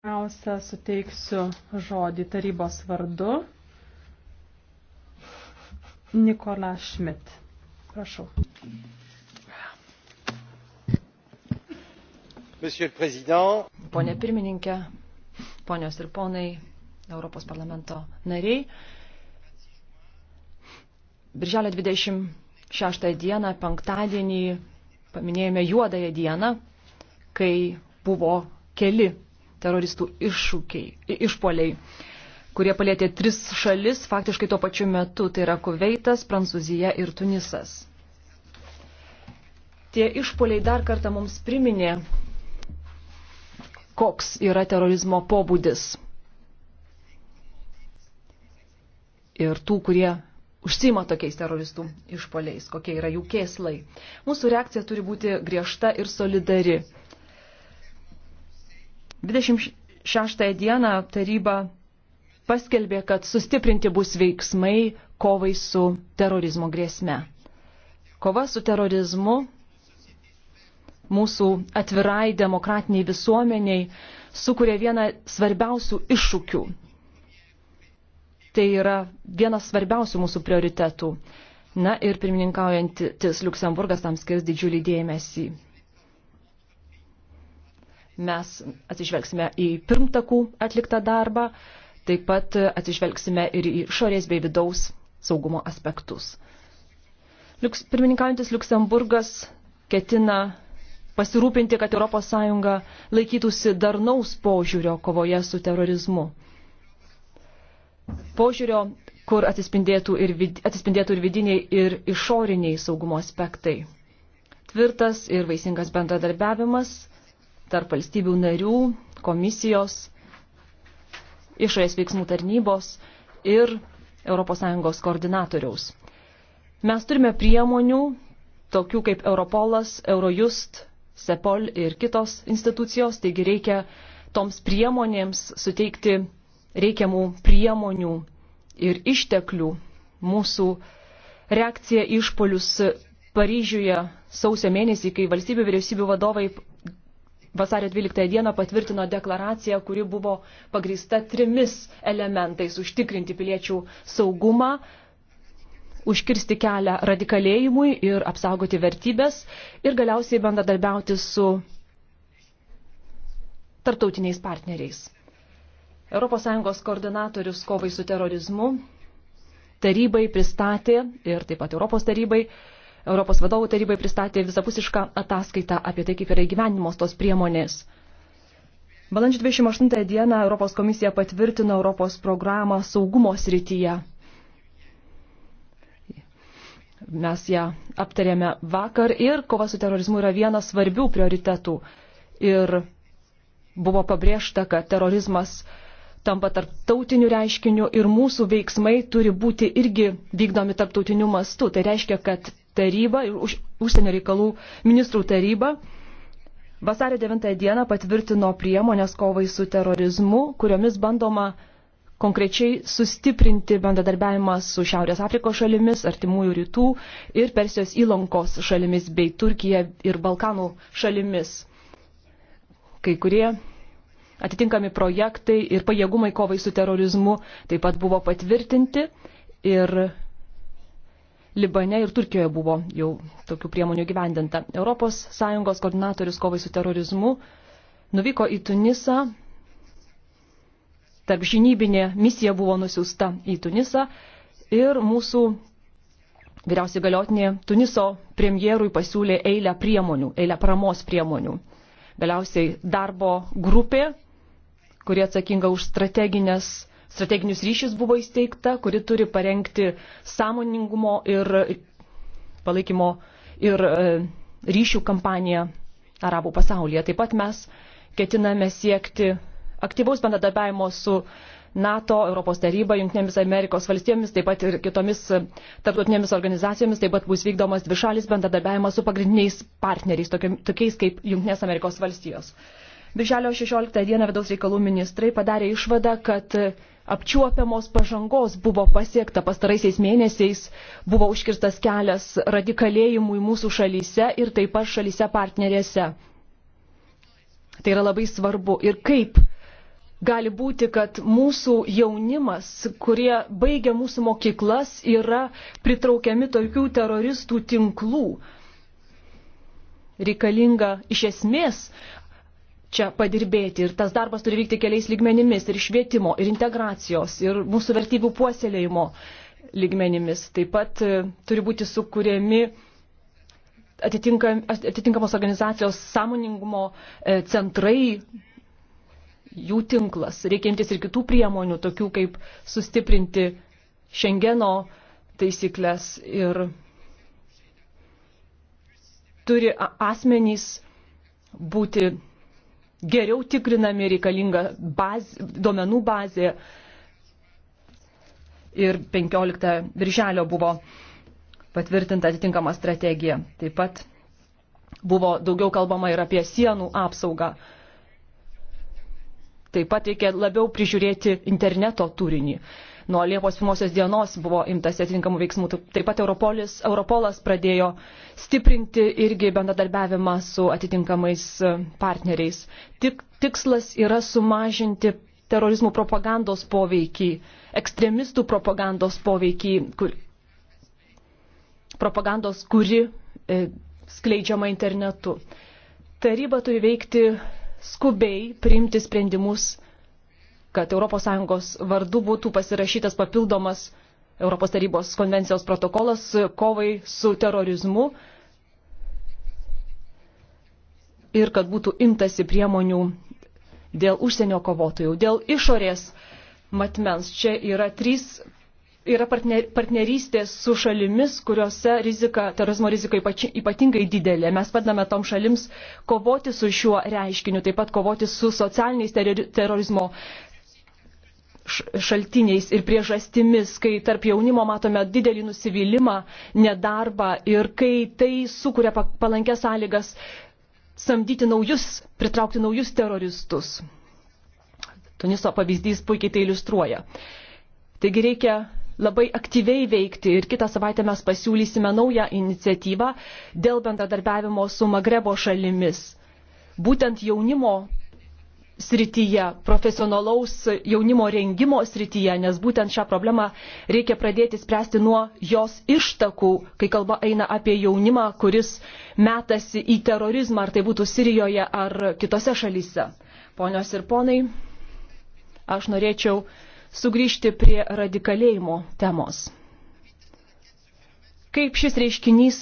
Pirmiausia, suteiksiu žodį tarybos vardu. Nikola Šmit. Prašau. Pone pirmininkė, ponios ir ponai, Europos parlamento nariai. Birželio 26 dieną, penktadienį, paminėjome juodąją dieną, kai buvo keli teroristų iššūkiai, išpoliai, kurie palėtė tris šalis faktiškai tuo pačiu metu, tai yra Kuveitas, Prancūzija ir Tunisas. Tie išpoliai dar kartą mums priminė, koks yra terorizmo pobūdis. Ir tų, kurie užsima tokiais teroristų išpoliais, kokie yra jų kėslai. Mūsų reakcija turi būti griežta ir solidari. 26 dieną taryba paskelbė, kad sustiprinti bus veiksmai kovai su terorizmo grėsme. Kova su terorizmu mūsų atvirai demokratiniai visuomeniai sukuria vieną svarbiausių iššūkių. Tai yra vienas svarbiausių mūsų prioritetų. Na ir pirmininkaujantis Luksemburgas tam skirs didžiulį dėmesį. Mes atsižvelgsime į pirmtakų atliktą darbą, taip pat atsižvelgsime ir į išorės bei vidaus saugumo aspektus. Liuks, pirmininkaujantis Luksemburgas ketina pasirūpinti, kad ES laikytųsi darnaus požiūrio kovoje su terorizmu. Požiūrio, kur atsispindėtų ir, vid, atsispindėtų ir vidiniai, ir išoriniai saugumo aspektai. Tvirtas ir vaisingas bendradarbiavimas tarp valstybių narių, komisijos, išorės veiksmų tarnybos ir ES koordinatoriaus. Mes turime priemonių, tokių kaip Europolas, Eurojust, Sepol ir kitos institucijos, taigi reikia toms priemonėms suteikti reikiamų priemonių ir išteklių mūsų reakcija išpolius Paryžiuje sausio mėnesį, kai valstybių vyriausybių vadovai vasario 12 dieną patvirtino deklaraciją, kuri buvo pagrįsta trimis elementais - užtikrinti piliečių saugumą, užkirsti kelią radikalėjimui ir apsaugoti vertybės ir galiausiai bendradarbiauti su tarptautiniais partneriais. ES koordinatorius kovai su terorizmu tarybai pristatė ir taip pat Europos tarybai Europos vadovų tarybai pristatė visapusišką ataskaitą apie tai, kaip yra įgyvenimos tos priemonės. Balandžio 28 dieną Europos komisija patvirtino Europos programą saugumo srityje. Mes ją aptarėme vakar ir kova su terorizmu yra vienas svarbių prioritetų. Ir buvo pabrėžta, kad terorizmas tampa tarptautiniu reiškiniu ir mūsų veiksmai turi būti irgi vykdomi tarptautiniu mastu. Tai reiškia, kad taryba, už, užsienio reikalų ministrų taryba vasario 9 dieną patvirtino priemonės kovai su terorizmu, kuriomis bandoma konkrečiai sustiprinti bendradarbiavimą su Šiaurės Afrikos šalimis, Artimųjų rytų ir Persijos įlankos šalimis bei Turkija ir Balkanų šalimis. Kai kurie atitinkami projektai ir pajėgumai kovai su terorizmu taip pat buvo patvirtinti ir Libane ir Turkijoje buvo jau tokių priemonių gyvendinta. ES koordinatorius kovai su terorizmu nuvyko į Tunisą. Tarp žinybinė misija buvo nusiųsta į Tunisą ir mūsų vyriausiai galiotinė Tuniso premjerui pasiūlė eilę priemonių, eilę paramos priemonių. Galiausiai darbo grupė, kurie atsakinga už strateginės strateginius ryšius buvo įsteigta, kuri turi parengti sąmoningumo ir palaikymo ir e, ryšių kampaniją arabų pasaulyje. Taip pat mes ketiname siekti aktyvaus bendradarbiavimo su NATO, Europos taryba, Junktinėmis Amerikos valstybėmis, taip pat ir kitomis tarptautinėmis organizacijomis, taip pat bus vykdomas dvišalis bendradarbiavimas su pagrindiniais partneriais, tokiais kaip Junktinės Amerikos valstijos. Birželio 16 dieną vidaus reikalų ministrai padarė išvadą, kad apčiuopiamos pažangos buvo pasiekta pastaraisiais mėnesiais, buvo užkirstas kelias radikalėjimui mūsų šalyse ir taip pat šalyse partnerėse. Tai yra labai svarbu. Ir kaip gali būti, kad mūsų jaunimas, kurie baigia mūsų mokyklas, yra pritraukiami tokių teroristų tinklų. Reikalinga iš esmės čia padirbėti ir tas darbas turi vykti keliais lygmenimis ir švietimo, ir integracijos, ir mūsų vertybių puoselėjimo lygmenimis. Taip pat e, turi būti sukūrėmi atitinkam, atitinkamos organizacijos sąmoningumo e, centrai, jų tinklas. Reikia imtis ir kitų priemonių, tokių kaip sustiprinti Šengeno taisyklės ir turi asmenys būti geriau tikrinami reikalinga baz, duomenų bazė. Ir 15 birželio buvo patvirtinta atitinkama strategija. Taip pat buvo daugiau kalbama ir apie sienų apsaugą. Taip pat reikia labiau prižiūrėti interneto turinį. Nuo Liepos pirmosios dienos buvo imtas atitinkamų veiksmų. Taip pat Europolis, Europolas pradėjo stiprinti irgi bendradarbiavimą su atitinkamais e, partneriais. Tik, tikslas yra sumažinti terorizmų propagandos poveikį, ekstremistų propagandos poveikį, kur, propagandos, kuri e, skleidžiama internetu. Taryba turi veikti skubiai priimti sprendimus, kad ES vardu būtų pasirašytas papildomas Europos tarybos konvencijos protokolas kovai su terorizmu ir kad būtų imtasi priemonių dėl užsienio kovotojų, dėl išorės matmens. Čia yra trys yra partner, partnerystės su šalimis, kuriuose rizika, terorizmo rizika ypatingai didelė. Mes padame tom šalims kovoti su šiuo reiškiniu, taip pat kovoti su socialiniais terorizmo šaltiniais ir priežastimis, kai tarp jaunimo matome didelį nusivylimą, nedarbą ir kai tai sukuria palankės sąlygas samdyti naujus, pritraukti naujus teroristus. Tuniso pavyzdys puikiai tai iliustruoja. Taigi reikia labai aktyviai veikti ir kitą savaitę mes pasiūlysime naują iniciatyvą dėl bendradarbiavimo su Magrebo šalimis. Būtent jaunimo srityje, profesionalaus jaunimo rengimo srityje, nes būtent šią problemą reikia pradėti spręsti nuo jos ištakų, kai kalba eina apie jaunimą, kuris metasi į terorizmą, ar tai būtų Sirijoje ar kitose šalyse. Ponios ir ponai, aš norėčiau sugrįžti prie radikalėjimo temos. Kaip šis reiškinys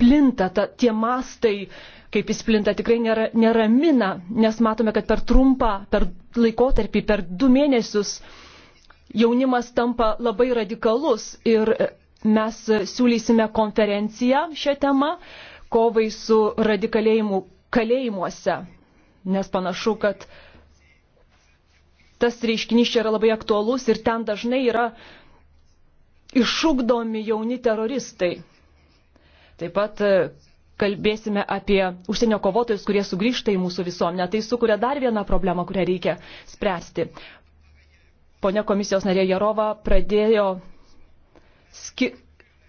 plinta, ta, tie mastai, kaip jis plinta, tikrai nėra, neramina, nes matome, kad per trumpą, per laikotarpį, per du mėnesius jaunimas tampa labai radikalus ir mes siūlysime konferenciją šią temą kovai su radikalėjimu kalėjimuose, nes panašu, kad uh, tas reiškinys čia yra labai aktualus ir ten dažnai yra išugdomi jauni teroristai. Taip pat e, kalbėsime apie užsienio kovotojus, kurie sugrįžta į mūsų visuomenę. Tai sukuria dar vieną problemą, kurią reikia spręsti. Pone komisijos narė Jarova pradėjo ski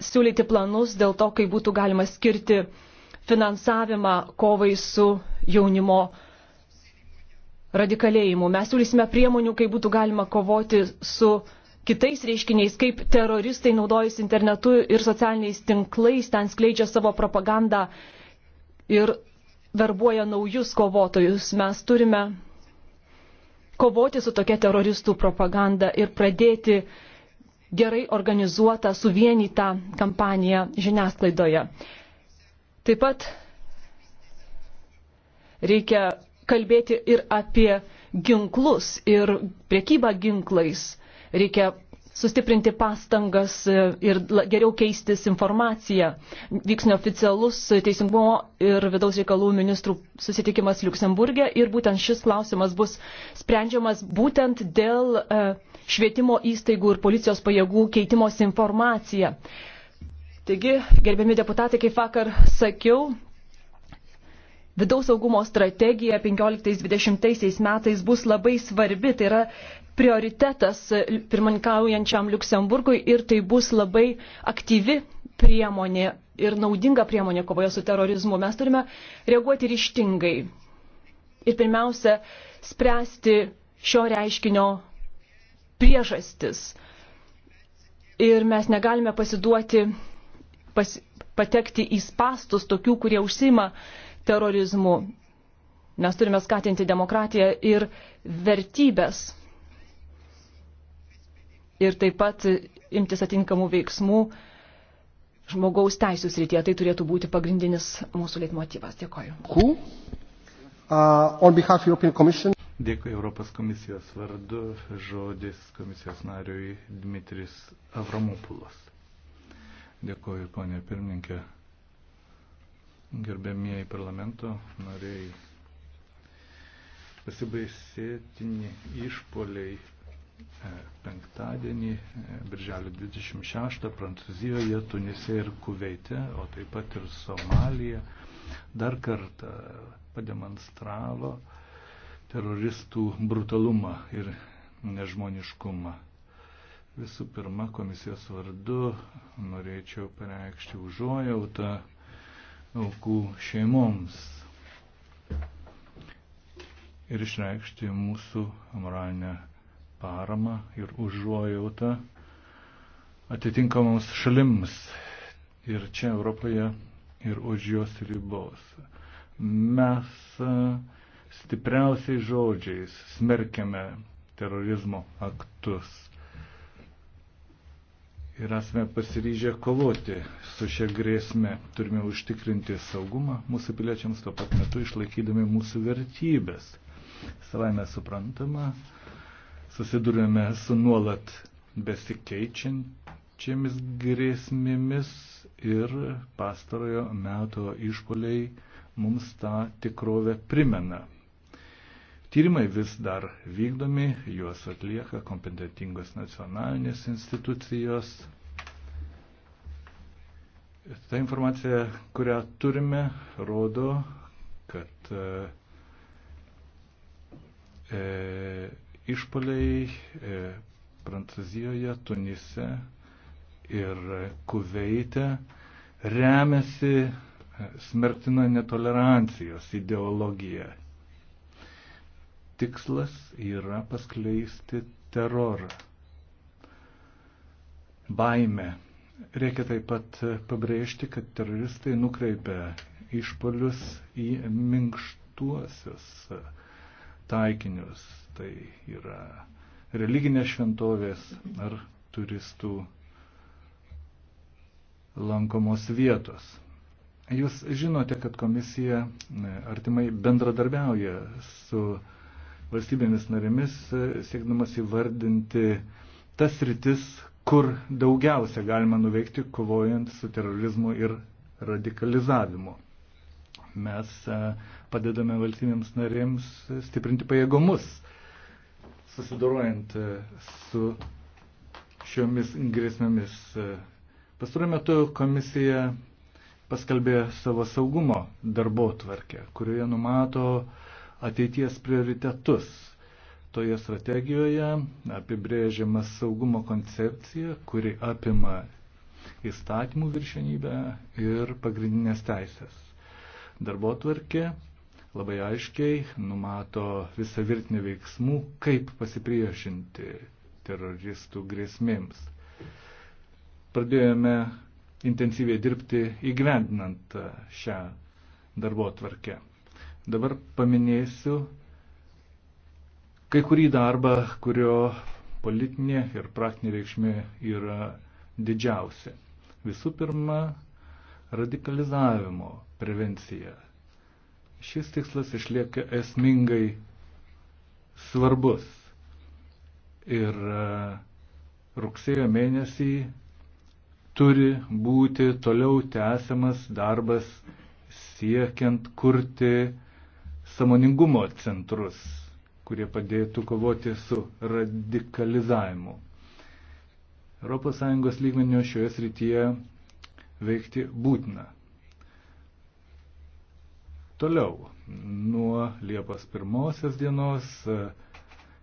siūlyti planus dėl to, kaip būtų galima skirti finansavimą kovai su jaunimo radikalėjimu. Mes siūlysime priemonių, kaip būtų galima kovoti su kitais reiškiniais, kaip teroristai naudojasi internetu ir socialiniais tinklais, ten skleidžia savo propagandą ir verbuoja naujus kovotojus. Mes turime kovoti su tokia teroristų propaganda ir pradėti gerai organizuotą, suvienytą kampaniją žiniasklaidoje. Taip pat reikia kalbėti ir apie ginklus ir priekybą ginklais. Reikia sustiprinti pastangas e, ir geriau keistis informaciją. Vyks neoficialus teisingumo ir vidaus reikalų ministrų susitikimas Luksemburgė ir būtent šis klausimas bus sprendžiamas būtent dėl e, švietimo įstaigų ir policijos pajėgų keitimos informacija. Taigi, gerbiami deputatai, kaip vakar sakiau, vidaus saugumo strategija 15-20 metais bus labai svarbi. Tai yra prioritetas e, pirmininkaujančiam Luksemburgui ir tai bus labai aktyvi priemonė ir naudinga priemonė kovoje su terorizmu. Mes turime reaguoti ryštingai ir pirmiausia spręsti šio reiškinio priežastis. Ir mes negalime pasiduoti, pas, patekti į spastus tokių, kurie užsima uh, terorizmu. Mes turime skatinti demokratiją ir vertybės. Ir taip pat imtis atinkamų veiksmų žmogaus teisų srityje. Tai turėtų būti pagrindinis mūsų leitmotivas. Dėkoju. Who? Uh, Dėkui Europos komisijos vardu. Žodis komisijos nariui Dmitris Avramopulos. Dėkoju, ponė pirmininkė gerbėmieji parlamento nariai. Pasibaisėtini išpoliai e, penktadienį, e, birželio 26, Prancūzijoje, Tunise ir Kuveite, o taip pat ir Somalija, dar kartą pademonstravo teroristų brutalumą ir nežmoniškumą. Visų pirma, komisijos vardu norėčiau pareikšti užuojautą aukų šeimoms ir išreikšti mūsų moralinę paramą ir užuojautą atitinkamoms šalims ir čia Europoje ir už jos ribos. Mes e, stipriausiais žodžiais smerkiame terorizmo aktus ir esame pasiryžę kovoti su šia grėsme. Turime užtikrinti saugumą mūsų piliečiams, tuo pat metu išlaikydami mūsų vertybės. Savaime suprantama, susidurime su nuolat besikeičiančiamis grėsmėmis ir pastarojo meto išpoliai mums tą tikrovę primena. Tyrimai vis dar vykdomi, juos atlieka kompetentingos nacionalinės institucijos. Ta informacija, kurią turime, rodo, kad e, e išpoliai e, Prancūzijoje, Tunise ir Kuveite remiasi e, smerktina netolerancijos ideologija tikslas yra paskleisti terorą, baimę. Reikia taip pat pabrėžti, kad teroristai nukreipia išpolius į minkštuosius taikinius. Tai yra religinės šventovės ar turistų lankomos vietos. Jūs žinote, kad komisija artimai bendradarbiauja su valstybėmis narėmis, e, siekdamas įvardinti tas rytis, kur daugiausia galima nuveikti, kovojant su terorizmu ir radikalizavimu. Mes e, padedame valstybėms narėms stiprinti pajėgumus, susidorojant e, su šiomis grėsmėmis. Pastaruoju metu komisija paskelbė savo saugumo darbo tvarkę, kurioje numato uh, ateities prioritetus. Toje strategijoje apibrėžiama saugumo koncepcija, kuri apima įstatymų viršenybę ir pagrindinės teisės. Darbo tvarkė labai aiškiai numato visą virtinę veiksmų, kaip pasipriešinti teroristų grėsmėms. Pradėjome intensyviai dirbti įgyvendinant šią darbo tvarkę. Dabar paminėsiu kai kurį darbą, kurio politinė ir praktinė reikšmė yra didžiausia. Visų pirma, radikalizavimo prevencija. Šis tikslas išlieka esmingai svarbus. Ir e, rugsėjo mėnesį turi būti toliau tęsiamas darbas siekiant kurti samoningumo centrus, kurie padėtų kovoti su radikalizavimu. ES lygmenio šioje srityje veikti būtina. Toliau, nuo Liepos pirmosios dienos e,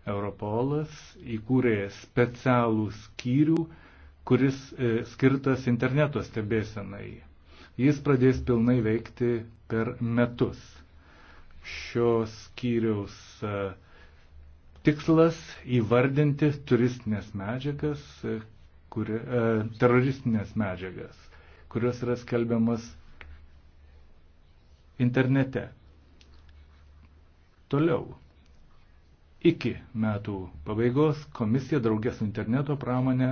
Europolas įkūrė specialų skyrių, kuris e, skirtas interneto stebėsenai. Jis pradės pilnai veikti per metus šios skyriaus e, tikslas įvardinti turistinės medžiagas, e, kuri, e, teroristinės medžiagas, kurios yra skelbiamas internete. Toliau. Iki metų pabaigos komisija draugės su interneto pramonė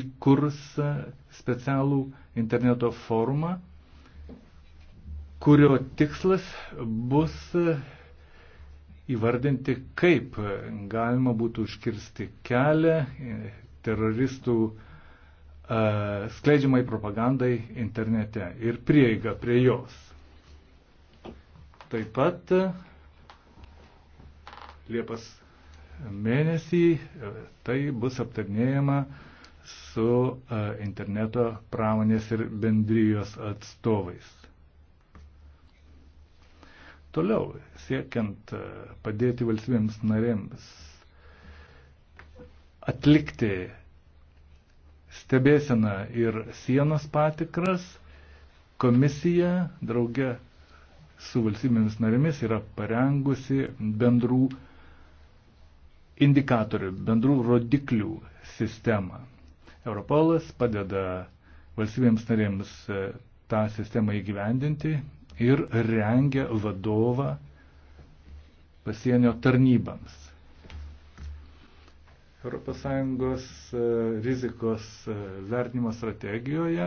įkurs specialų interneto forumą kurio tikslas bus įvardinti, kaip galima būtų užkirsti kelią teroristų skleidžiamai propagandai internete ir prieiga prie jos. Taip pat Liepas mėnesį tai bus aptarnėjama su interneto pramonės ir bendrijos atstovais. Toliau, siekiant e, padėti valstybėms narėms atlikti stebėseną ir sienos patikras, komisija drauge su valstybėmis narėmis yra parengusi bendrų indikatorių, bendrų rodiklių sistemą. Europolas padeda valstybėms narėms e, tą sistemą įgyvendinti ir rengia vadovą pasienio tarnybams. ES e, rizikos e, vertinimo strategijoje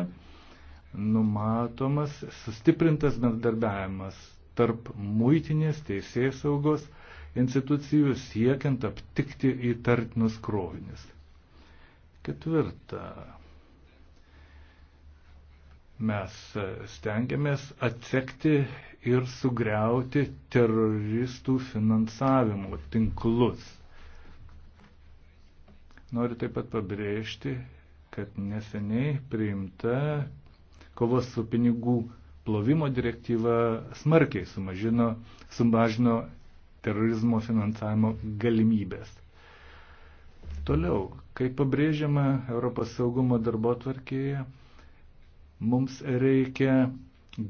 numatomas sustiprintas bendradarbiavimas tarp muitinės teisės saugos institucijų siekiant aptikti įtartinus krovinius. Ketvirta. Mes e, stengiamės atsekti ir sugriauti teroristų finansavimo tinklus. Noriu taip pat pabrėžti, kad neseniai priimta kovos su pinigų plovimo direktyva smarkiai sumažino, sumažino terorizmo finansavimo galimybės. Toliau, kaip pabrėžiama Europos saugumo darbo tvarkėje, Mums reikia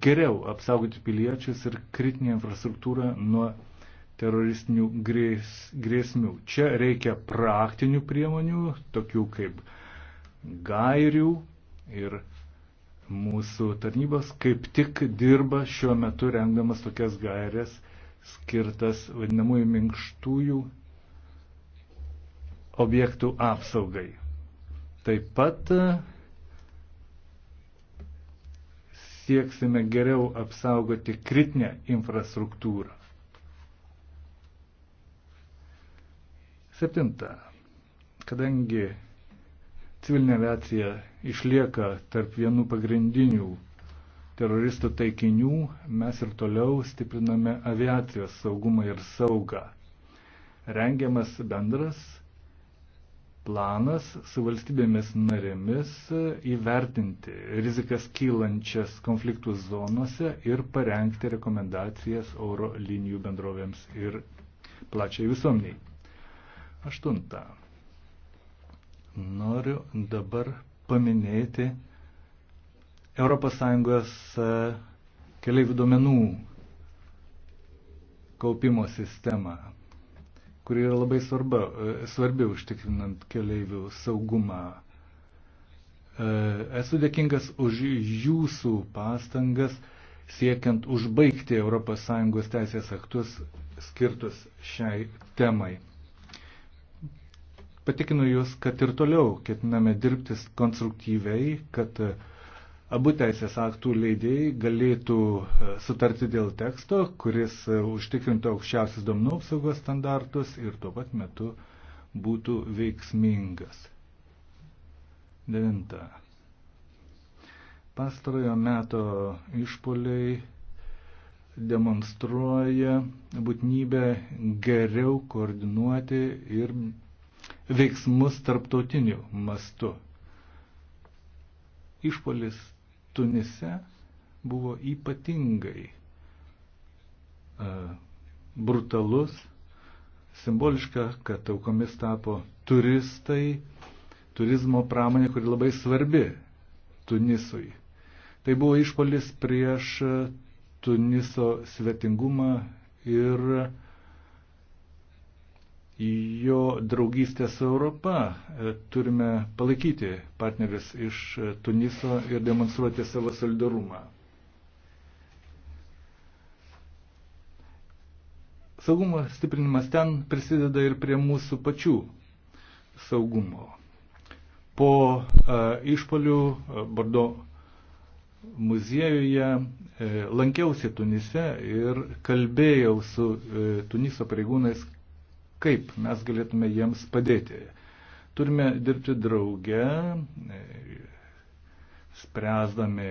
geriau apsaugoti piliečius ir kritinę infrastruktūrą nuo teroristinių grės, grėsmių. Čia reikia praktinių priemonių, tokių kaip gairių ir mūsų tarnybos kaip tik dirba šiuo metu rengdamas tokias gairias skirtas vadinamųjų minkštųjų objektų apsaugai. Taip pat sieksime geriau apsaugoti kritinę infrastruktūrą. Septinta. Kadangi civilinė aviacija išlieka tarp vienų pagrindinių teroristų taikinių, mes ir toliau stipriname aviacijos saugumą ir saugą. Rengiamas bendras planas su valstybėmis narėmis įvertinti rizikas kylančias konfliktų zonose ir parengti rekomendacijas oro linijų bendrovėms ir plačiai visuomeniai. Aštunta. Noriu dabar paminėti ES e, keliaivių duomenų kaupimo sistemą kuri yra labai svarba, e, svarbi užtikrinant keleivių saugumą. E, esu dėkingas už jūsų pastangas siekiant užbaigti ES teisės aktus skirtus šiai temai. Patikinu Jūs, kad ir toliau ketiname dirbti konstruktyviai, kad uh, abu teisės aktų leidėjai galėtų e, sutarti dėl teksto, kuris e, užtikrintų aukščiausius domnų apsaugos standartus ir tuo pat metu būtų veiksmingas. Devinta. Pastarojo meto išpoliai demonstruoja būtinybę geriau koordinuoti ir veiksmus tarptautiniu mastu. Išpolis Tunise buvo ypatingai e, brutalus, simboliška, kad aukomis tapo turistai, turizmo pramonė, kuri labai svarbi Tunisui. Tai buvo išpolis prieš Tuniso svetingumą ir jo draugystę su Europa. E, turime palaikyti partnerius iš e, Tuniso ir demonstruoti savo solidarumą. Saugumo stiprinimas ten prisideda ir prie mūsų pačių saugumo. Po a, e, išpolių a, Bordo muziejuje e, lankiausi Tunise ir kalbėjau su e, Tuniso pareigūnais, kaip mes galėtume jiems padėti. Turime dirbti drauge, e, spręsdami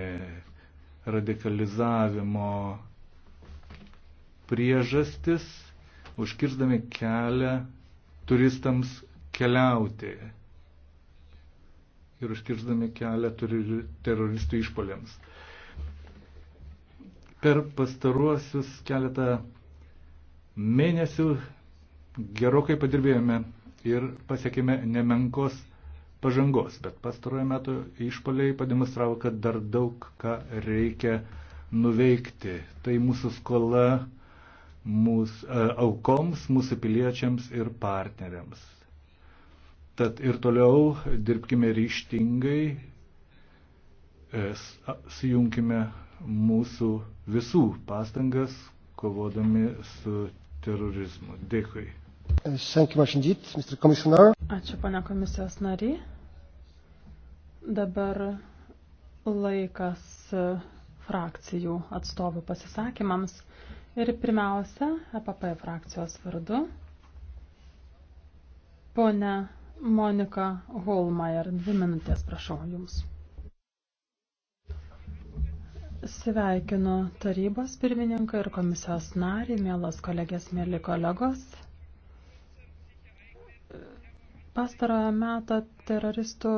radikalizavimo priežastis, užkirzdami kelią turistams keliauti ir užkirzdami kelią teroristų išpolėms. Per pastaruosius keletą mėnesių gerokai padirbėjome ir pasiekėme nemenkos pažangos, bet pastarojo metu išpoliai pademonstravo, kad dar daug ką reikia nuveikti. Tai mūsų skola mūsų, e, aukoms, mūsų piliečiams ir partneriams. Tad ir toliau dirbkime ryštingai, e, sujunkime mūsų visų pastangas, kovodami su terorizmu. Dėkui. Ačiū, pane komisijos nariai. Dabar laikas e, frakcijų atstovų pasisakymams. Ir pirmiausia, EPP frakcijos vardu. Pone Monika Holmeier, dvi minutės prašau Jums. Sveikinu tarybos pirmininką ir komisijos narį, mielas kolegės, mėly kolegos. Pastarojo meto teroristų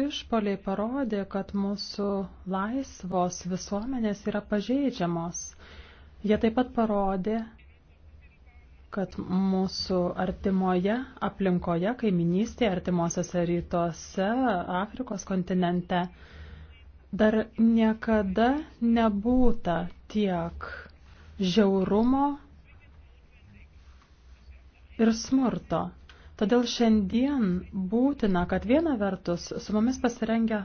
išpoliai parodė, kad mūsų laisvos visuomenės yra pažeidžiamos. Jie taip pat parodė, kad mūsų artimoje aplinkoje, kaiminystėje, artimuosiuose rytuose, Afrikos kontinente dar niekada nebūta tiek žiaurumo ir smurto. Todėl šiandien būtina, kad viena vertus su mumis pasirengia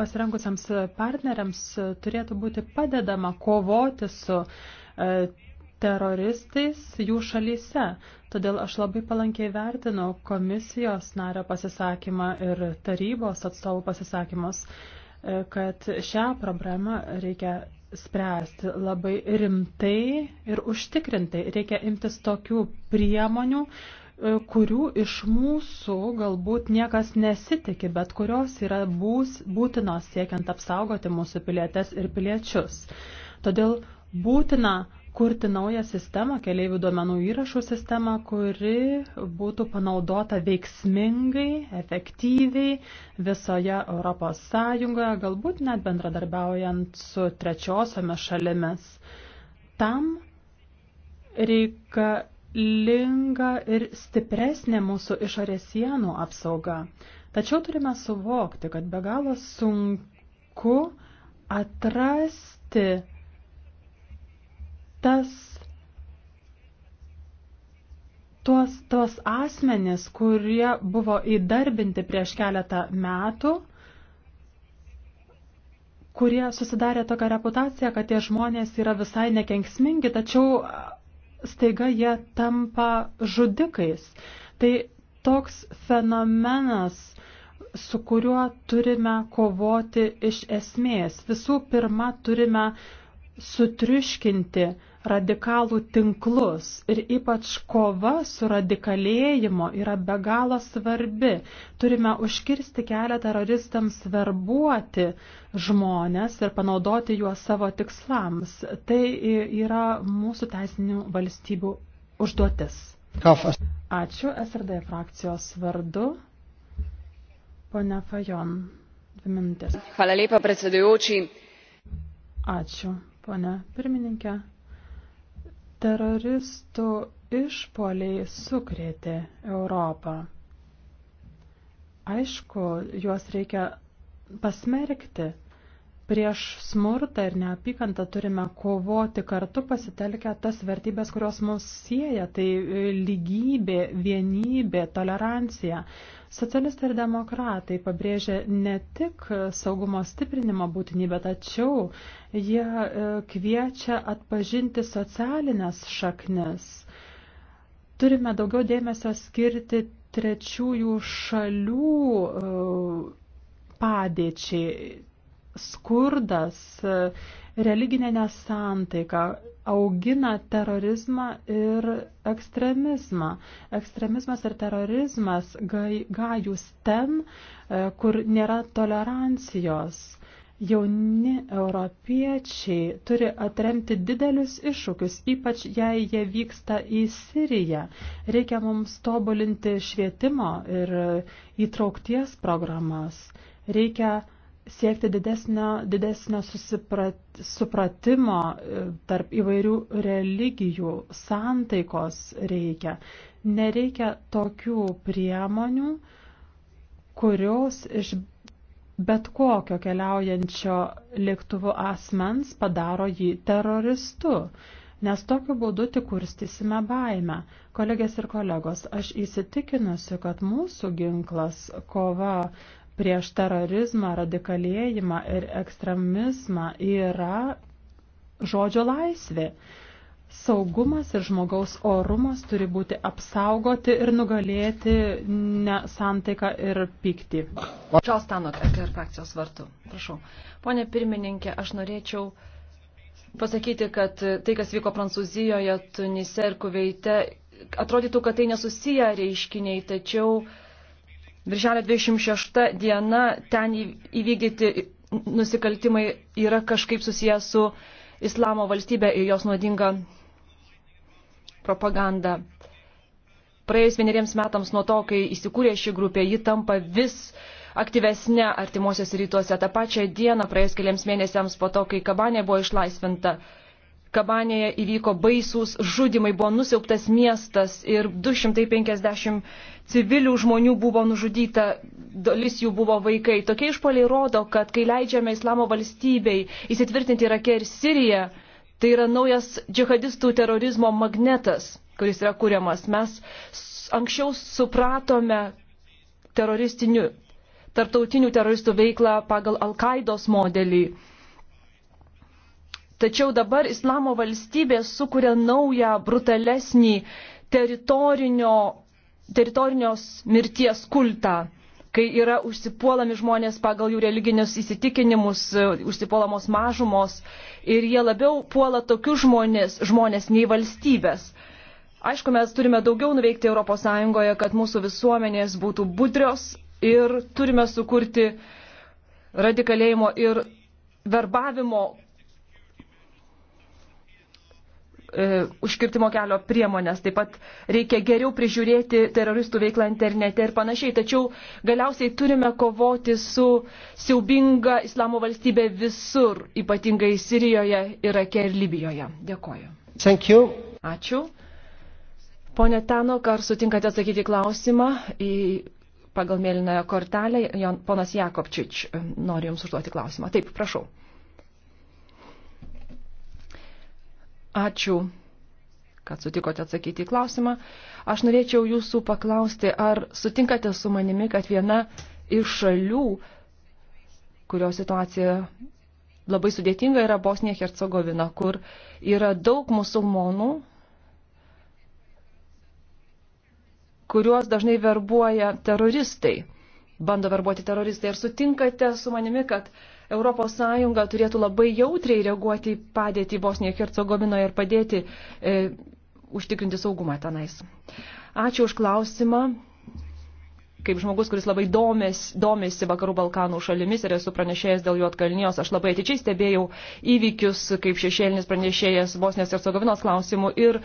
pasirengusiams partneriams turėtų būti padedama kovoti su e, teroristais jų šalyse. Todėl aš labai palankiai vertinu komisijos nario pasisakymą ir tarybos atstovų pasisakymus, e, kad šią problemą reikia spręsti labai rimtai ir užtikrintai. Reikia imtis tokių priemonių, e, kurių iš mūsų galbūt niekas nesitiki, bet kurios yra būs, būtinos siekiant apsaugoti mūsų pilietės ir piliečius. Todėl būtina kurti naują sistemą, keliaivių duomenų įrašų sistemą, kuri būtų panaudota veiksmingai, efektyviai visoje Europos Sąjungoje, galbūt net bendradarbiaujant su trečiosiomis šalimis. Tam reikalinga ir stipresnė mūsų išorės sienų apsauga. Tačiau turime suvokti, kad be galo sunku atrasti tas, tuos, tuos asmenis, kurie buvo įdarbinti prieš keletą metų, kurie susidarė tokią reputaciją, kad tie žmonės yra visai nekenksmingi, tačiau staiga jie tampa žudikais. Tai toks fenomenas, su kuriuo turime kovoti iš esmės. Visų pirma, turime sutriuškinti radikalų tinklus ir ypač kova su radikalėjimo yra be galo svarbi. Turime užkirsti kelią teroristams verbuoti žmonės ir panaudoti juos savo tikslams. Tai yra mūsų teisinių valstybių užduotis. Ačiū SRD frakcijos vardu. Pone Fajon, dvi minutės. Hvala lepa, predsedujoči. Ačiū, pone pirmininkė. Teroristų išpoliai sukrėtė Europą. Aišku, juos reikia pasmerkti, Prieš smurtą ir neapykantą turime kovoti kartu pasitelkę tas vertybės, kurios mus sieja - tai e, lygybė, vienybė, tolerancija. Socialistai ir demokratai pabrėžia ne tik saugumo stiprinimo būtinybę, tačiau jie e, kviečia atpažinti socialinės šaknis. Turime daugiau dėmesio skirti trečiųjų šalių e, padėčiai skurdas, religinė nesantaika augina terorizmą ir ekstremizmą. Ekstremizmas ir terorizmas gajus ten, e, kur nėra tolerancijos. Jauni europiečiai turi atremti didelius iššūkius, ypač jei jie vyksta į Siriją. Reikia mums tobulinti švietimo ir įtraukties programas. Reikia siekti didesnio, didesnio susiprat, supratimo e, tarp įvairių religijų, santaikos reikia. Nereikia tokių priemonių, kurios iš bet kokio keliaujančio lėktuvu asmens padaro jį teroristu. Nes tokiu būdu tik kurstysime baimę. Kolegės ir kolegos, aš įsitikinusi, kad mūsų ginklas kova prieš terorizmą, radikalėjimą ir ekstremizmą yra žodžio laisvė. Saugumas ir žmogaus orumas turi būti apsaugoti ir nugalėti nesantaiką ir pyktį. Čiaus Tanok, EKR frakcijos vartų. Prašau. Pone pirmininkė, aš norėčiau pasakyti, kad tai, kas vyko Prancūzijoje, Tunise ir Kuveite, atrodytų, kad tai nesusiję reiškiniai, tačiau uh, Virželio 26 diena ten įvykdyti nusikaltimai yra kažkaip susijęs su islamo valstybė ir jos nuodinga propaganda. Praėjus vieneriems metams nuo to, kai įsikūrė ši grupė, ji tampa vis aktyvesnė artimuosiuose rytuose. Ta pačią dieną, praėjus keliams mėnesiams po to, kai Kabanė buvo išlaisvinta, Kabanėje įvyko baisūs žudimai, buvo nusiauptas miestas ir 250 civilių žmonių buvo nužudyta, dalis jų buvo vaikai. Tokie išpoliai rodo, kad kai leidžiame islamo valstybei įsitvirtinti Irake ir Siriją, tai yra naujas džihadistų terorizmo magnetas, kuris yra kuriamas. Mes anksčiau supratome teroristinių, tarptautinių teroristų veiklą pagal Al-Qaidos modelį Tačiau dabar Islamo valstybė sukuria naują, brutalesnį teritorinio, teritorinios mirties kultą, kai yra užsipuolami žmonės pagal jų religinius įsitikinimus, užsipuolamos mažumos ir jie labiau puola tokius žmonės, žmonės nei valstybės. Aišku, mes turime daugiau nuveikti ES, kad mūsų visuomenės būtų budrios ir turime sukurti radikalėjimo ir verbavimo e, užkirtimo kelio priemonės, taip pat reikia geriau prižiūrėti teroristų veiklą internete ir panašiai. Tačiau galiausiai turime kovoti su siaubinga islamo valstybė visur, ypatingai Sirijoje, Irake ir Libijoje. Dėkoju. Thank you. Ačiū. Pone Tanok, ar sutinkate atsakyti klausimą į pagal mėlynąją kortelę? Ponas Jakobčič e, nori Jums užduoti klausimą. Taip, prašau. Ačiū, kad sutikote atsakyti į klausimą. Aš norėčiau jūsų paklausti, ar sutinkate su manimi, kad viena iš šalių, kurio situacija labai sudėtinga, yra Bosnija Hercegovina, kur yra daug musulmonų, kuriuos dažnai verbuoja teroristai, bando verbuoti teroristai. Ir sutinkate su manimi, kad uh, ES turėtų labai jautriai reaguoti į padėtį Bosnijoje Hercegovinoje ir padėti e, užtikrinti saugumą tenais. Ačiū už klausimą. Kaip žmogus, kuris labai domės, domėsi Vakarų Balkanų šalimis ir esu pranešėjęs dėl jų atkalnijos, aš labai atičiai stebėjau įvykius kaip šešėlinis pranešėjas Bosnės ir Sogavinos klausimų. Ir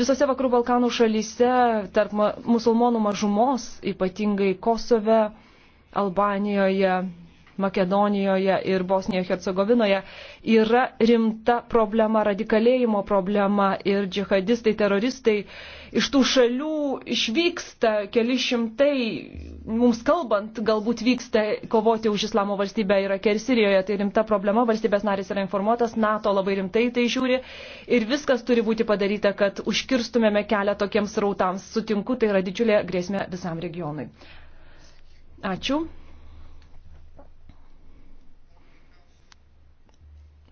visose Vakarų Balkanų šalyse, tarp musulmonų mažumos, ypatingai Kosove, Albanijoje, Makedonijoje ir Bosnijoje Hercegovinoje yra rimta problema, radikalėjimo problema ir džihadistai, teroristai iš tų šalių išvyksta keli šimtai, mums kalbant, galbūt vyksta kovoti už islamo valstybę Irake ir Sirijoje. Tai rimta problema, valstybės narės yra informuotas, NATO labai rimtai tai žiūri ir viskas turi būti padaryta, kad užkirstumėme kelią tokiems rautams. Sutinku, tai yra didžiulė grėsmė visam regionui. Ačiū.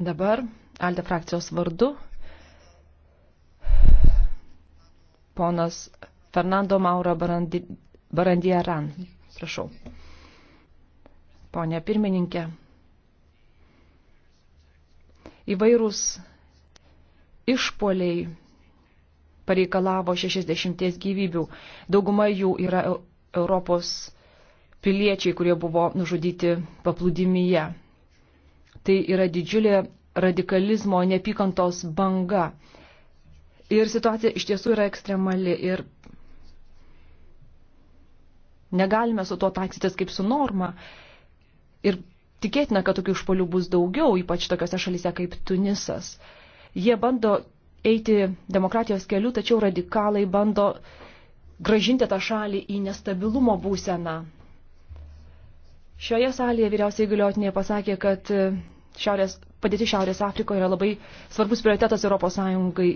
Dabar Alde frakcijos vardu ponas Fernando Mauro Barandi, Barandieran. Prašau. Pone pirmininkė, įvairūs išpoliai pareikalavo 60 gyvybių. Dauguma jų yra Europos piliečiai, kurie buvo nužudyti paplūdimyje. Tai yra didžiulė radikalizmo neapykantos banga. Ir situacija iš tiesų yra ekstremali ir negalime su tuo taksytis kaip su norma. Ir tikėtina, kad tokių išpolių bus daugiau, ypač tokiose šalyse kaip Tunisas. Jie bando eiti demokratijos keliu, tačiau radikalai bando gražinti tą šalį į nestabilumo būseną, Šioje salėje vyriausiai galiotinė pasakė, kad e, šiaurės, padėti Šiaurės Afrikoje yra labai svarbus prioritetas ES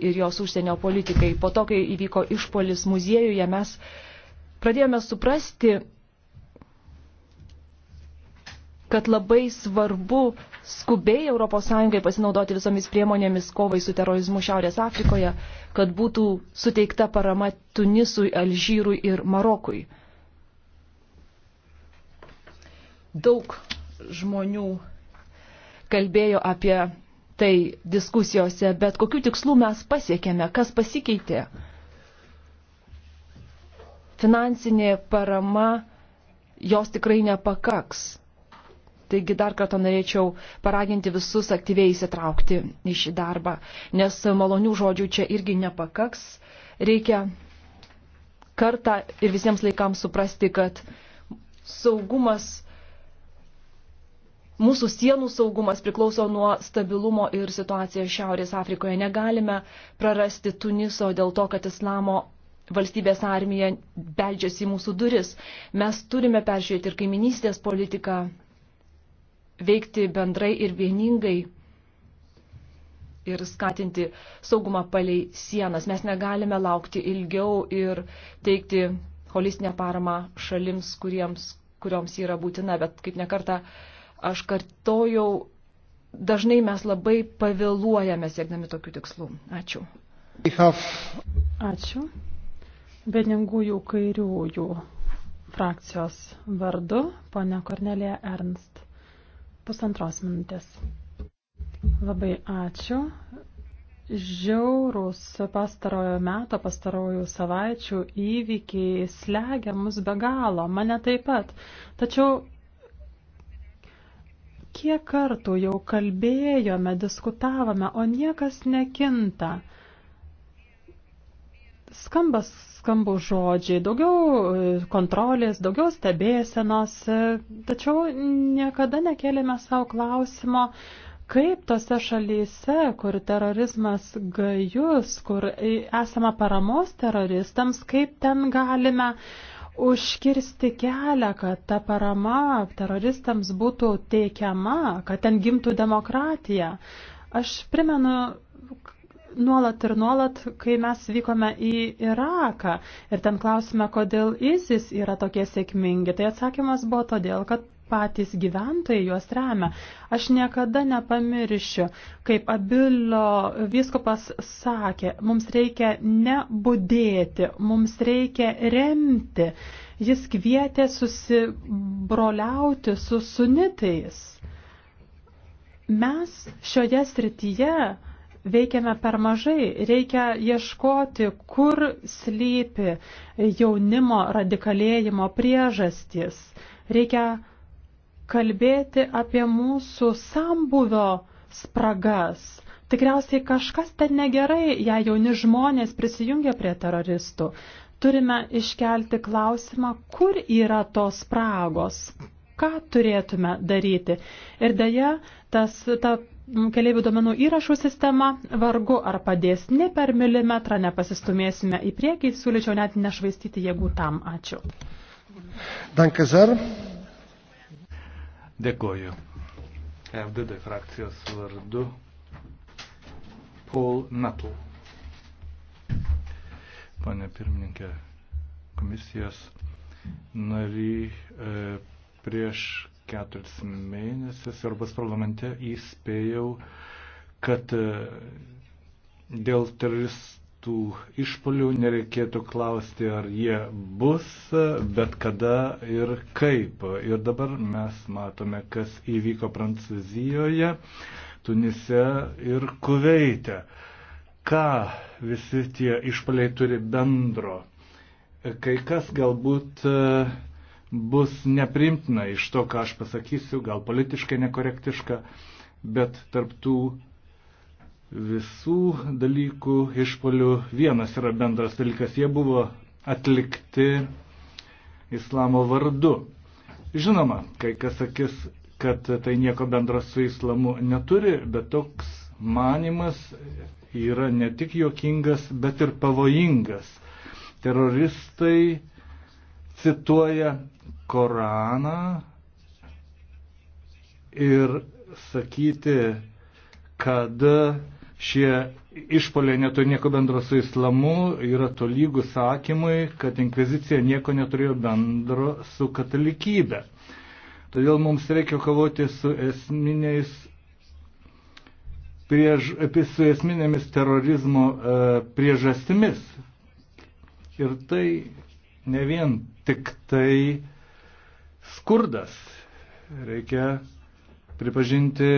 ir jos užsienio politikai. Po to, kai įvyko išpolis muziejuje, mes pradėjome suprasti, kad labai svarbu skubiai ES pasinaudoti visomis priemonėmis kovai su terorizmu Šiaurės Afrikoje, kad būtų suteikta parama Tunisui, Alžyrui ir Marokui. Daug žmonių kalbėjo apie tai diskusijose, bet kokiu tikslu mes pasiekėme, kas pasikeitė. Finansinė parama, jos tikrai nepakaks. Taigi dar kartą norėčiau paraginti visus aktyviai įsitraukti į šį darbą, nes malonių žodžių čia irgi nepakaks. Reikia kartą ir visiems laikams suprasti, kad saugumas mūsų sienų saugumas priklauso nuo stabilumo ir situacijos Šiaurės Afrikoje. Negalime prarasti Tuniso dėl to, kad islamo valstybės armija beldžiasi į mūsų duris. Mes turime peržiūrėti ir kaiminystės politiką, veikti bendrai ir vieningai ir skatinti saugumą palei sienas. Mes negalime laukti ilgiau ir teikti holistinę paramą šalims, kuriems, kurioms yra būtina, bet kaip nekarta kartą Aš kartojau, dažnai mes labai pavėluojame siekdami tokių tikslų. Ačiū. Ačiū. Vieningųjų kairiųjų frakcijos vardu, ponia Kornelija Ernst. Pusantros minutės. Labai ačiū. Žiaurus pastarojo meto, pastarojų savaičių įvykiai slegia mus be galo, mane taip pat. Tačiau Kiek kartų jau kalbėjome, diskutavome, o niekas nekinta. Skambas skambų žodžiai, daugiau e, kontrolės, daugiau stebėsenos, e, tačiau niekada nekėlėme savo klausimo, kaip tose šalyse, kur terorizmas gajus, kur e, esama paramos teroristams, kaip ten galime uh, užkirsti kelią, kad ta parama teroristams būtų teikiama, kad ten gimtų demokratija. Aš primenu nuolat ir nuolat, kai mes vykome į Iraką ir ten klausime, kodėl ISIS yra tokie sėkmingi. Tai atsakymas buvo todėl, kad patys gyventojai juos remia. Aš niekada nepamiršiu, kaip Abilio vyskupas sakė, mums reikia nebudėti, mums reikia remti. Jis kvietė susibroliauti su sunitais. Mes šioje srityje veikiame per mažai, reikia ieškoti, kur slypi jaunimo radikalėjimo priežastys. Reikia kalbėti apie mūsų sambuvio spragas. Tikriausiai kažkas ten negerai, jei jauni žmonės prisijungia prie teroristų. Turime iškelti klausimą, kur yra tos spragos, ką turėtume daryti. Ir dėja, tas, ta keliaivių duomenų įrašų sistema vargu ar padės ne per milimetrą, nepasistumėsime į priekį, siūlyčiau net nešvaistyti jėgų tam. Ačiū. Danke sehr. Dėkoju. FDD frakcijos vardu Paul Nuttall. Pane pirmininkė, komisijos nary e, prieš keturis mėnesius Europos parlamente įspėjau, kad e, dėl teroristų tų išpolių nereikėtų klausti, ar jie bus, bet kada ir kaip. Ir dabar mes matome, kas įvyko Prancūzijoje, Tunise ir Kuveite. Ką visi tie išpoliai turi bendro? Kai kas galbūt e, bus neprimtina iš to, ką aš pasakysiu, gal politiškai nekorektiška, bet tarptų visų dalykų išpolių vienas yra bendras dalykas. Jie buvo atlikti islamo vardu. Žinoma, kai kas sakys, kad tai nieko bendro su islamu neturi, bet toks manimas yra ne tik jokingas, bet ir pavojingas. Teroristai cituoja Koraną ir sakyti, kad Šie išpoliai neturi nieko bendro su islamu, yra tolygus sakymui, kad inkvizicija nieko neturėjo bendro su katalikybė. Todėl mums reikia kovoti su esminiais priež, su esminėmis terorizmo e, priežastimis. Ir tai ne vien tik tai skurdas. Reikia pripažinti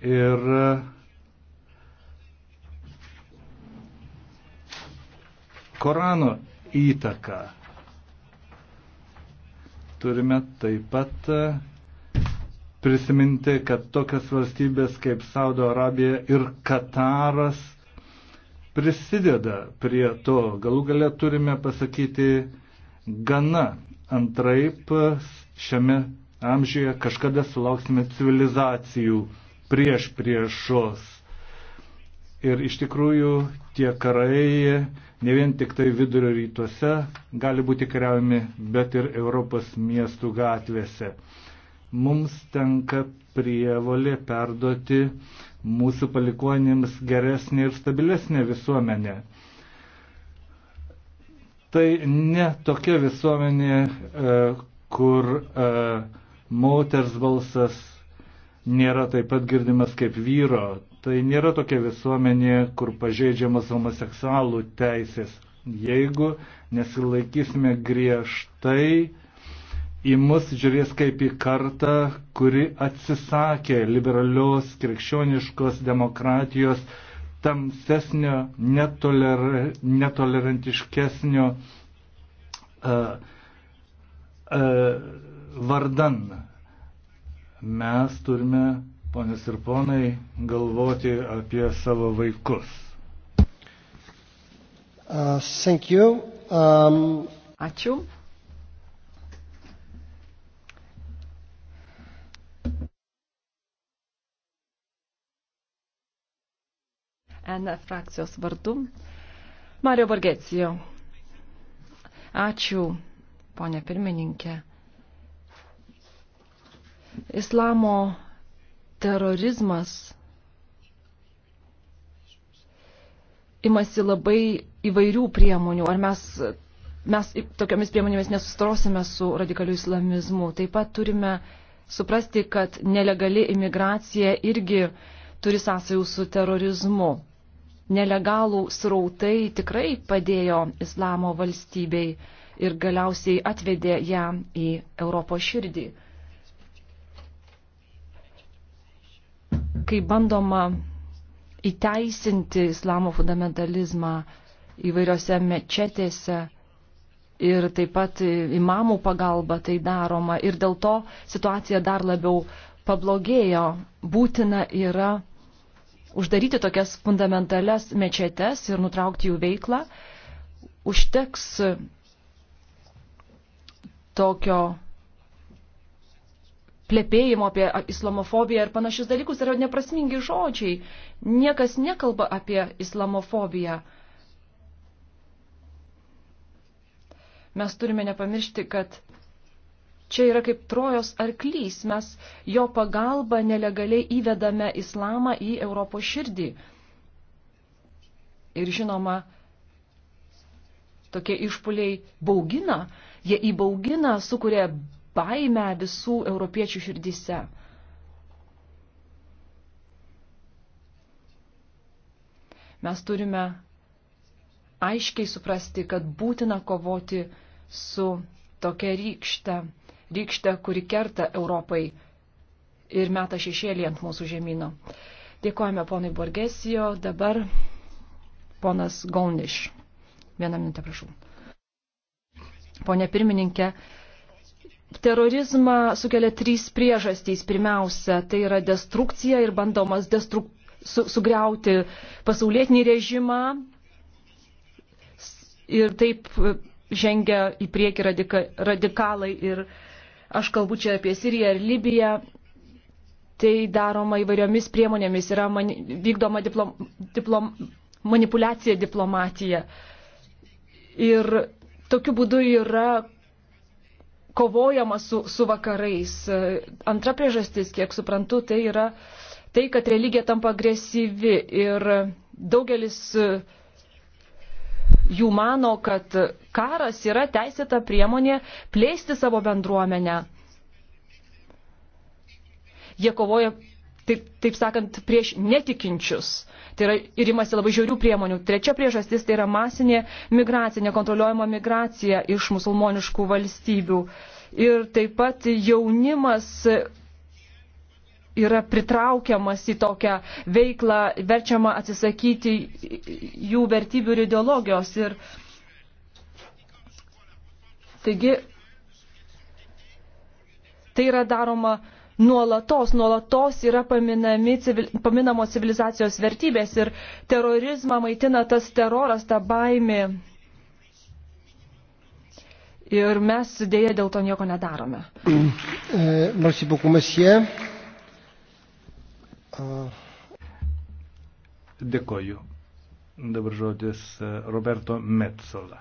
ir Korano įtaką. Turime taip pat e, prisiminti, kad tokias valstybės kaip Saudo Arabija ir Kataras prisideda prie to. Galų gale turime pasakyti gana. Antraip šiame amžiuje kažkada sulauksime civilizacijų prieš priešos. Ir iš tikrųjų tie karai ne vien tik tai vidurio rytuose gali būti kariaujami, bet ir Europos miestų gatvėse. Mums tenka prievolė perduoti mūsų palikonėms geresnį ir stabilesnį visuomenę. Tai ne tokia visuomenė, e, kur e, moters balsas nėra taip pat girdimas kaip vyro. Tai nėra tokia visuomenė, kur pažeidžiamas homoseksualų teisės. Jeigu nesilaikysime griežtai, į mus žiūrės kaip į kartą, kuri atsisakė liberalios krikščioniškos demokratijos, tamsesnio, netoler, netolerantiškesnio uh, uh, vardan. Mes turime ponės ir ponai, galvoti apie savo vaikus. Uh, thank you. Um... Ačiū. NF frakcijos vardu. Mario Borgecijo. Ačiū, ponė pirmininkė. Islamo terorizmas imasi labai įvairių priemonių. Ar mes, mes tokiamis priemonėmis nesustarosime su radikaliu islamizmu? Taip pat turime suprasti, kad nelegali imigracija irgi turi sąsajų su terorizmu. Nelegalų srautai tikrai padėjo islamo valstybei ir galiausiai atvedė ją į Europos širdį. kai bandoma įteisinti islamo fundamentalizmą įvairiose mečetėse ir taip pat imamų pagalba tai daroma ir dėl to situacija dar labiau pablogėjo. Būtina yra uždaryti tokias fundamentales mečetes ir nutraukti jų veiklą. Užteks tokio plepėjimo apie islamofobiją ir panašius dalykus yra neprasmingi žodžiai. Niekas nekalba apie islamofobiją. Mes turime nepamiršti, kad čia yra kaip trojos arklys, mes jo pagalba nelegaliai įvedame islamą į Europos širdį. Ir žinoma, tokie išpuliai baugina, jie įbaugina, sukuria baimę visų europiečių širdyse. Mes turime aiškiai suprasti, kad būtina kovoti su tokia rykšte, rykšte, kuri kerta Europai ir meta šešėlį ant mūsų žemynų. Dėkojame ponui Borgesijo, dabar ponas Golniš. Vieną minutę prašau. Pone pirmininkė, Terorizmą sukelia trys priežastys. Pirmiausia, tai yra destrukcija ir bandomas destruk... su, sugriauti pasaulietinį režimą ir taip e, žengia į priekį radika... radikalai. Ir aš kalbu čia apie Siriją ir Libiją. Tai daroma įvairiomis priemonėmis, yra mani... vykdoma diplom... Diplom... manipuliacija diplomatija. Ir tokiu būdu yra kovojama su, su vakarais. E, antra priežastis, kiek suprantu, tai yra tai, kad religija tampa agresyvi ir daugelis e, jų mano, kad karas yra teisėta priemonė plėsti savo bendruomenę. Jie kovoja taip, taip sakant, prieš netikinčius. Tai yra ir imasi labai žiaurių priemonių. Trečia priežastis tai yra masinė migracija, nekontroliuojama migracija iš musulmoniškų valstybių. Ir taip pat jaunimas yra pritraukiamas į tokią veiklą, verčiama atsisakyti jų vertybių ir ideologijos. Ir taigi tai yra daroma nuolatos, nuolatos yra paminami, civil, paminamos civilizacijos vertybės ir terorizmą maitina tas teroras, ta baimė. Ir mes dėja dėl to nieko nedarome. Mm. E, merci beaucoup, monsieur. E. Dėkoju. Dabar žodis e, Roberto Metzola.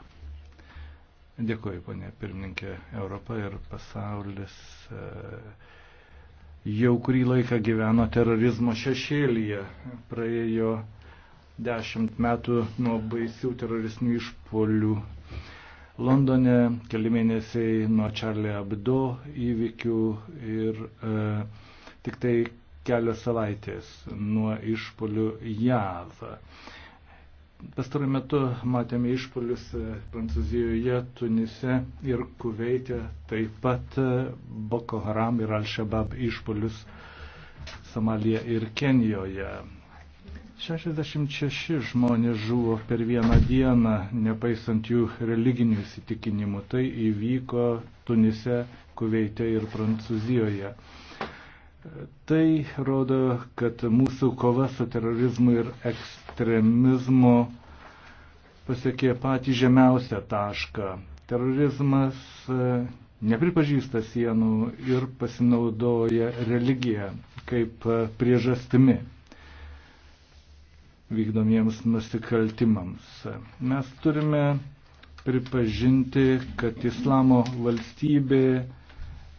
Dėkoju, ponė pirmininkė, Europa ir pasaulis. Uh, jau kurį laiką gyveno terorizmo šešėlyje. Praėjo dešimt metų nuo baisių teroristinių išpolių. Londone keli mėnesiai nuo Charlie Abdo įvykių ir e, tik tai kelios savaitės nuo išpolių JAV. Pastaruoju metu matėme išpolius e, Prancūzijoje, Tunise ir Kuveitė, taip pat e, Boko Haram ir Al-Shabaab išpolius Somalija ir Kenijoje. 66 žmonės žuvo per vieną dieną, nepaisant jų religinių įsitikinimų. Tai įvyko Tunise, Kuveitė ir Prancūzijoje. Tai rodo, kad mūsų kova su terorizmu ir ekstremizmu pasiekė patį žemiausią tašką. Terorizmas e, nepripažįsta sienų ir pasinaudoja religiją kaip e, priežastimi vykdomiems nusikaltimams. Mes turime pripažinti, kad islamo valstybė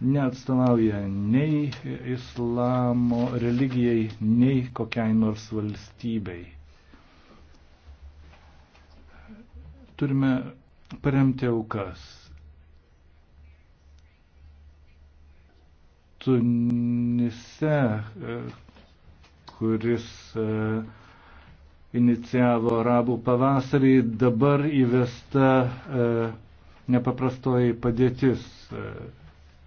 neatstovauja nei islamo religijai, nei kokiai nors valstybei. Turime paremti aukas. Tunise, kuris e, inicijavo arabų pavasarį, dabar įvesta e, nepaprastoji padėtis. E,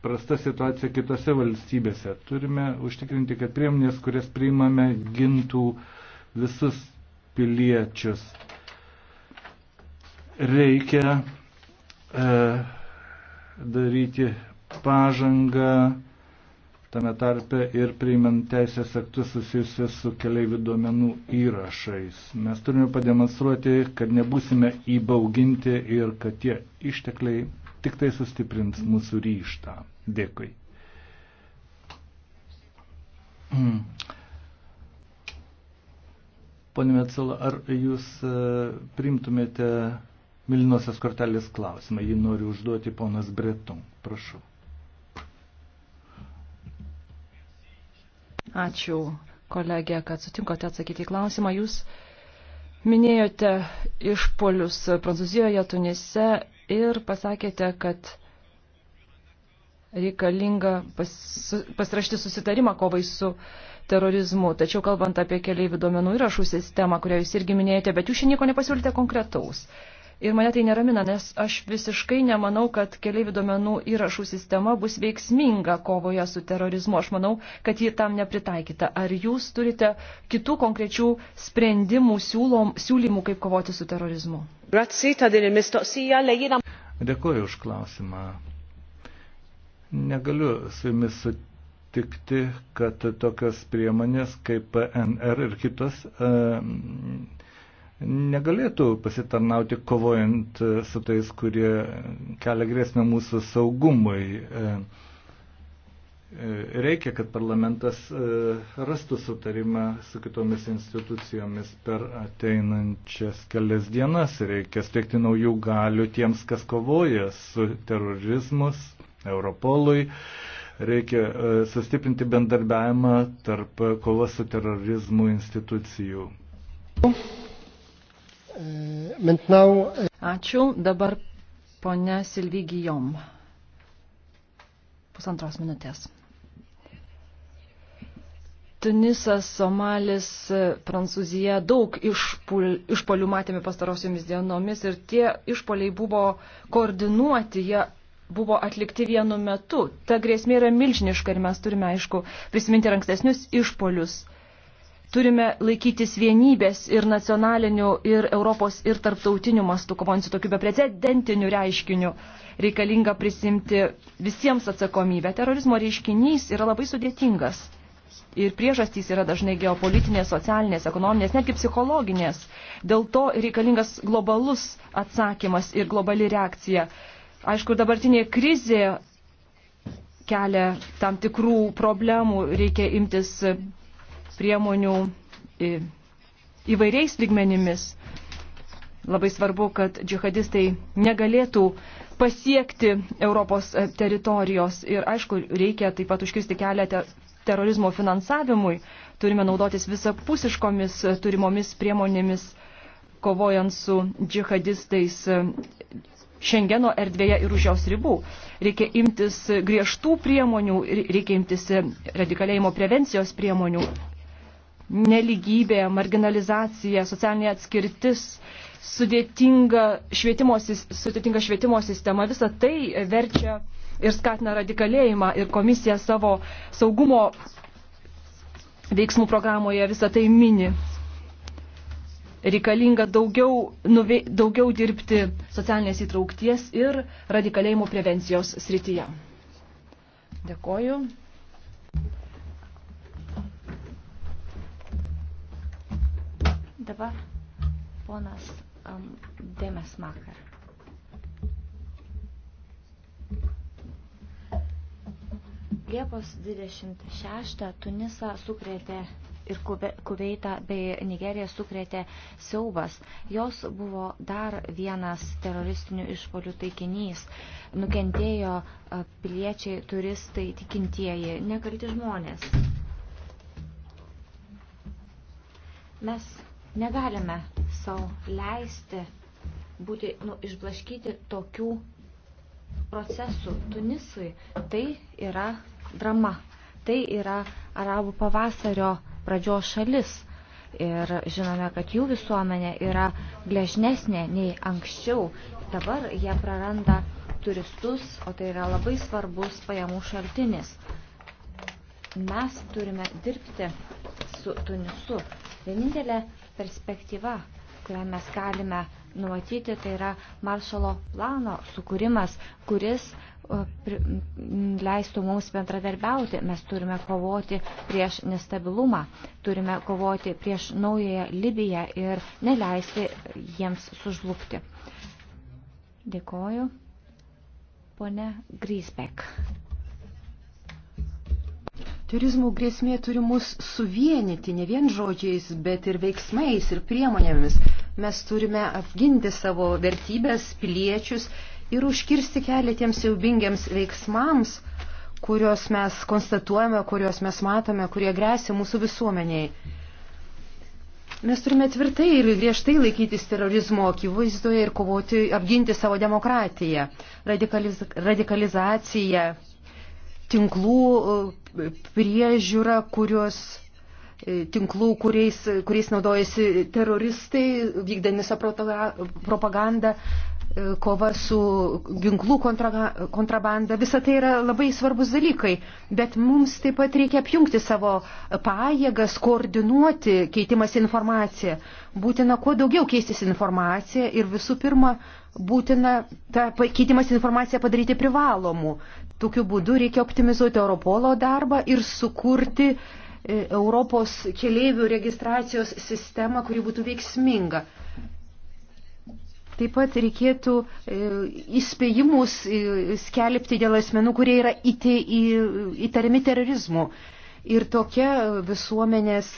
prasta situacija kitose valstybėse. Turime užtikrinti, kad priemonės, kurias priimame, gintų visus piliečius. Reikia e, daryti pažangą tame tarpe ir priimant teisės aktus susijusius su keliaivių duomenų įrašais. Mes turime pademonstruoti, kad nebūsime įbauginti ir kad tie ištekliai tik tai sustiprins mūsų ryštą. Dėkui. Hmm. Pone Metsala, ar jūs e, primtumėte Milinosios kortelės klausimą? Jį noriu užduoti ponas Breton. Prašau. Ačiū, kolegė, kad sutinkote atsakyti į klausimą. Jūs minėjote išpolius Prancūzijoje, Tunise ir pasakėte, kad reikalinga pas, pasirašti susitarimą kovai su terorizmu. Tačiau kalbant apie keliaivių duomenų įrašų sistemą, kurią jūs irgi minėjote, bet jūs čia nieko nepasiūlėte konkretaus. Ir mane tai neramina, nes aš visiškai nemanau, kad keliaivių duomenų įrašų sistema bus veiksminga kovoje su terorizmu. Aš manau, kad ji tam nepritaikyta. Ar jūs turite kitų konkrečių sprendimų, siūlom, siūlymų, kaip kovoti su terorizmu? Dėkuoju už klausimą. Negaliu su jumis sutikti, kad tokios priemonės kaip PNR ir kitos. Uh, negalėtų pasitarnauti kovojant e, su tais, kurie kelia grėsmę mūsų saugumui. E, e, reikia, kad parlamentas rastų sutarimą su kitomis institucijomis per ateinančias kelias dienas. Reikia steigti naujų galių tiems, kas kovoja su terorizmus, Europolui reikia sustiprinti bendarbiavimą tarp kovos su terorizmu institucijų. Now... Ačiū. Dabar ponia Silvygijom. Pusantros minutės. Tunisas, Somalis, Prancūzija daug išpul, išpolių matėme pastarosiomis dienomis ir tie išpoliai buvo koordinuoti, jie buvo atlikti vienu metu. Ta grėsmė yra milžiniška ir mes turime, aišku, prisiminti ir ankstesnius išpolius turime laikytis vienybės ir nacionalinių, ir Europos, ir tarptautinių mastų kovojant su tokiu beprecedentiniu reiškiniu. Reikalinga prisimti visiems atsakomybę. Terorizmo reiškinys yra labai sudėtingas. Ir priežastys yra dažnai geopolitinės, socialinės, ekonominės, netgi psichologinės. Dėl to reikalingas globalus atsakymas ir globali reakcija. Aišku, dabartinė krizė kelia tam tikrų problemų, reikia imtis priemonių įvairiais lygmenimis. Labai svarbu, kad džihadistai negalėtų pasiekti Europos e, teritorijos ir, aišku, reikia taip pat užkirsti kelią te terorizmo finansavimui. Turime naudotis visapusiškomis e, turimomis priemonėmis, kovojant su džihadistais e, Šengeno erdvėje ir už jos ribų. Reikia imtis griežtų priemonių, reikia imtis radikalėjimo prevencijos priemonių neligybė, marginalizacija, socialinė atskirtis, sudėtinga švietimo, sudėtinga švietimo sistema, visa tai verčia ir skatina radikalėjimą ir komisija savo saugumo veiksmų programoje visą tai mini. Reikalinga daugiau, nuvei, daugiau dirbti socialinės įtraukties ir radikalėjimų prevencijos srityje. Dėkoju. Dabar ponas um, Demes Makar. Liepos 26 Tunisą sukrėtė ir Kuveitą bei Nigeriją sukrėtė siaubas. Jos buvo dar vienas teroristinių išpolių taikinys. Nukentėjo piliečiai, turistai, tikintieji, nekalti žmonės. Mes Negalime savo leisti būti nu, išblaškyti tokių procesų Tunisui. Tai yra drama. Tai yra arabų pavasario pradžios šalis. Ir žinome, kad jų visuomenė yra gležnesnė nei anksčiau. Dabar jie praranda turistus, o tai yra labai svarbus pajamų šaltinis. Mes turime dirbti su Tunisu. Vienintelė perspektyva, kurią mes galime numatyti, tai yra maršalo plano sukūrimas, kuris leistų mums bendradarbiauti. Mes turime kovoti prieš nestabilumą, turime kovoti prieš naująją Libiją ir neleisti jiems sužlugti. Dėkoju. Pone Grisbek. Turizmo grėsmė turi mus suvienyti ne vien žodžiais, bet ir veiksmais ir priemonėmis. Mes turime apginti savo vertybės, piliečius ir užkirsti kelią tiems siaubingiams veiksmams, kuriuos mes konstatuojame, kuriuos mes matome, kurie grėsia mūsų visuomeniai. Mes turime tvirtai ir griežtai laikytis terorizmo akivaizdoje ir kovoti, apginti savo demokratiją. Radikaliz, radikalizacija tinklų e, priežiūra, kurios e, tinklų, kuriais, kuriais naudojasi teroristai, vykdami savo propagandą, e, kova su ginklų kontra, kontrabanda. Visa tai yra labai svarbus dalykai, bet mums taip pat reikia apjungti savo pajėgas, koordinuoti keitimas informaciją. Būtina kuo daugiau keistis informaciją ir visų pirma būtina tą keitimas informaciją padaryti privalomų. Tokiu būdu reikia optimizuoti Europolo darbą ir sukurti e, Europos keleivių registracijos sistemą, kuri būtų veiksminga. Taip pat reikėtų e, įspėjimus e, skelbti dėl asmenų, kurie yra įtariami terorizmu. Ir tokia visuomenės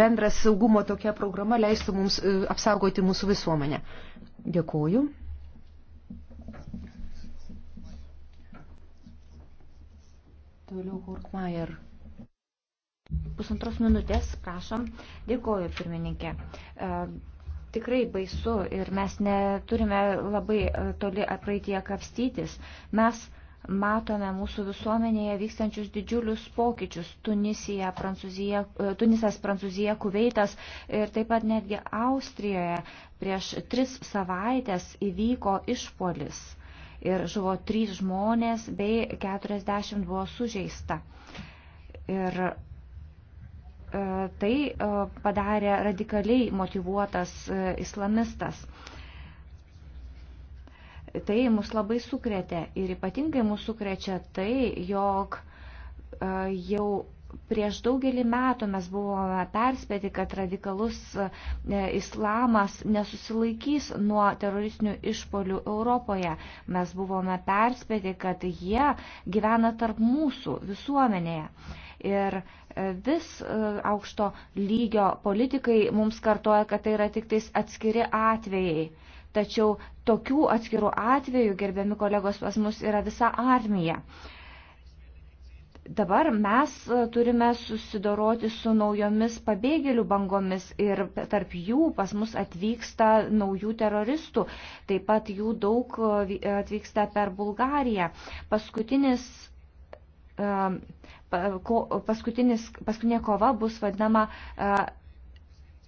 bendras saugumo tokia programa leistų mums apsaugoti mūsų visuomenę. Dėkuoju. Toliau Hurkmajer. Pusantros minutės, prašom. Dėkoju, pirmininkė. E, tikrai baisu ir mes neturime labai e, toli praeitie kapstytis. Mes matome mūsų visuomenėje vykstančius didžiulius pokyčius - Tunisija, Prancūzija, e, Tunisas, Prancūzija, Kuveitas ir taip pat netgi Austrijoje prieš tris savaitės įvyko išpolis ir žuvo 3 žmonės bei 40 buvo sužeista. Ir e, tai e, padarė radikaliai motivuotas e, islamistas. Tai mus labai sukrėtė ir ypatingai mus sukrečia tai, jog jau Prieš daugelį metų mes buvome perspėti, kad radikalus e, islamas nesusilaikys nuo teroristinių išpolių Europoje. Mes buvome perspėti, kad jie gyvena tarp mūsų visuomenėje. Ir e, vis e, aukšto lygio politikai mums kartoja, kad tai yra tik tais atskiri atvejai. Tačiau tokių atskirų atvejų, gerbiami kolegos, pas mus yra visa armija. Dabar mes e, turime susidoroti su naujomis pabėgėlių bangomis ir tarp jų pas mus atvyksta naujų teroristų. Taip pat jų daug e, e, atvyksta per Bulgariją. Paskutinis paskutinis, paskutinė kova bus vadinama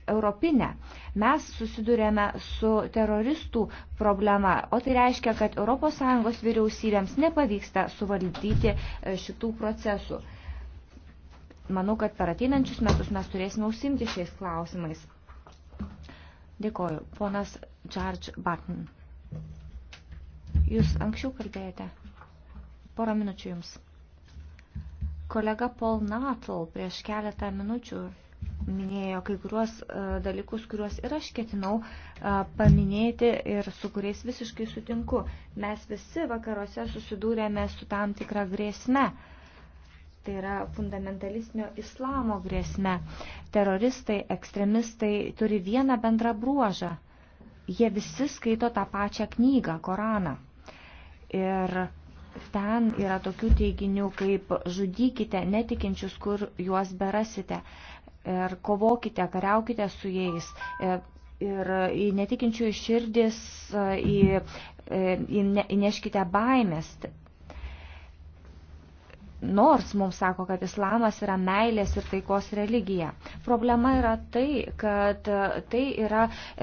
europinę. Mes susidurėme su teroristų problema, o tai reiškia, kad ES vyriausybėms nepavyksta suvaldyti e, šitų procesų. Manau, kad per ateinančius metus mes turėsime užsimti šiais klausimais. Dėkoju. Ponas George Barton. Jūs anksčiau kalbėjote. Porą minučių jums. Kolega Paul Natal prieš keletą minučių minėjo kai kuriuos e, dalykus, kuriuos ir aš ketinau e, paminėti ir su kuriais visiškai sutinku. Mes visi vakaruose susidūrėme su tam tikra grėsme. Tai yra fundamentalistinio islamo grėsme. Teroristai, ekstremistai turi vieną bendrą bruožą. Jie visi skaito tą pačią knygą, Koraną. Ir ten yra tokių teiginių kaip žudykite netikinčius, kur juos berasite ir kovokite, kariaukite su jais. E, ir į netikinčiųjų širdis e, e, įneškite baimės, nors mums sako, kad islamas yra meilės ir taikos religija. Problema yra tai, kad tai yra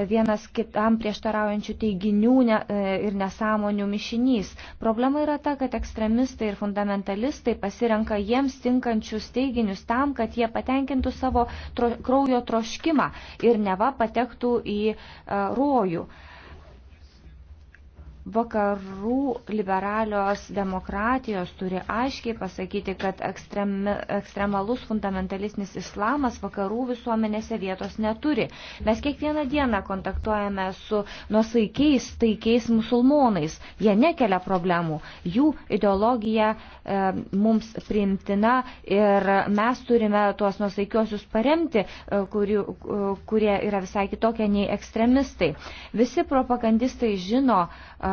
vienas kitam prieštaraujančių teiginių ne, e, ir nesąmonių mišinys. Problema yra ta, kad ekstremistai ir fundamentalistai pasirenka jiems tinkančius teiginius tam, kad jie patenkintų savo tro, kraujo troškimą ir neva patektų į uh, rojų. Uh, vakarų liberalios demokratijos turi aiškiai pasakyti, kad ekstremi, ekstremalus fundamentalistinis islamas vakarų visuomenėse vietos neturi. Mes kiekvieną dieną kontaktuojame su nusaikiais, taikiais musulmonais. Jie nekelia problemų. Jų ideologija e, mums priimtina ir mes turime tuos nusaikiuosius paremti, e, kuri, e, kurie yra visai kitokie nei ekstremistai. Visi propagandistai žino, e,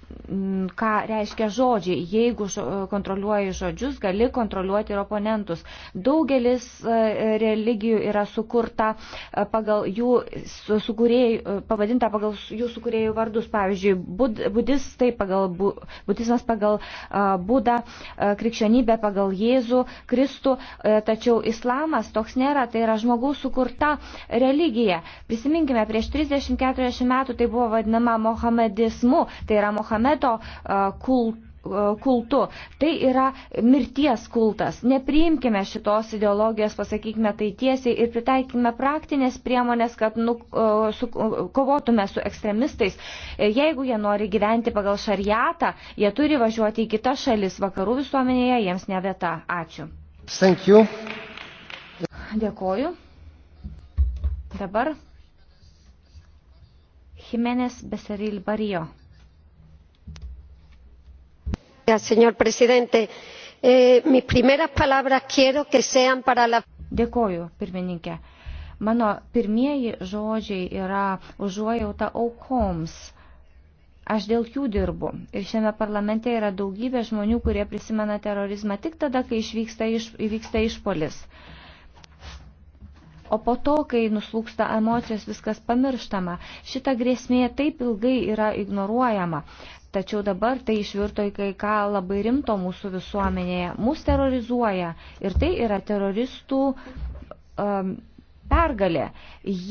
ką reiškia žodžiai. Jeigu e, kontroliuoji žodžius, gali kontroliuoti ir oponentus. Daugelis e, religijų yra sukurta e, pagal jų sukūrėjų, pavadinta pagal jų sukūrėjų vardus. Pavyzdžiui, bud, budistai pagal, bu, budizmas pagal uh, Budą, uh, krikščionybė pagal Jėzų, Kristų, uh, tačiau islamas toks nėra, tai yra žmogaus sukurta religija. Prisiminkime, prieš 30-40 metų tai buvo vadinama Mohamedismu, tai yra Mohamedismu Mahometo e, kultūros e, kultu. Tai yra mirties kultas. Nepriimkime šitos ideologijos, pasakykime tai tiesiai ir pritaikime praktinės priemonės, kad nu, e, su, kovotume su ekstremistais. Jeigu jie nori gyventi pagal šariatą, jie turi važiuoti į kitas šalis. Vakarų visuomenėje jiems ne vieta. Ačiū. Thank you. Dėkoju. Dabar Jimenez Beseril Barijo señor presidente. Eh, mis primeras palabras quiero que sean para la. Dėkoju, pirmininkė. Mano pirmieji žodžiai yra užuojauta aukoms. Aš dėl jų dirbu. Ir šiame parlamente yra daugybė žmonių, kurie prisimena terorizmą tik tada, kai išvyksta iš, įvyksta išpolis. O po to, kai nuslūksta emocijos, viskas pamirštama. Šita grėsmė taip ilgai yra ignoruojama. Tačiau dabar tai išvirto į kai ką labai rimto mūsų visuomenėje. Mūsų terorizuoja ir tai yra teroristų um, pergalė.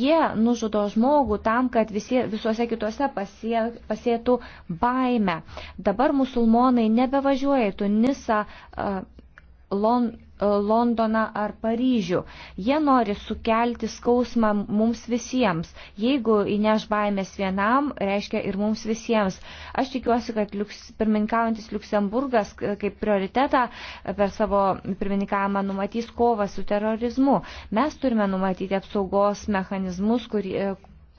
Jie nužudo žmogų tam, kad visi, visuose kituose pasie, pasėtų baime. Dabar musulmonai nebevažiuoja į Tunisą, uh, Lon, E, Londoną ar Paryžių. Jie nori sukelti skausmą mums visiems. Jeigu įneš baimės vienam, reiškia ir mums visiems. Aš tikiuosi, kad liuks, pirmininkaujantis Luksemburgas e, kaip prioritetą e, per savo pirmininkavimą numatys kovą su terorizmu. Mes turime numatyti apsaugos mechanizmus, kurį,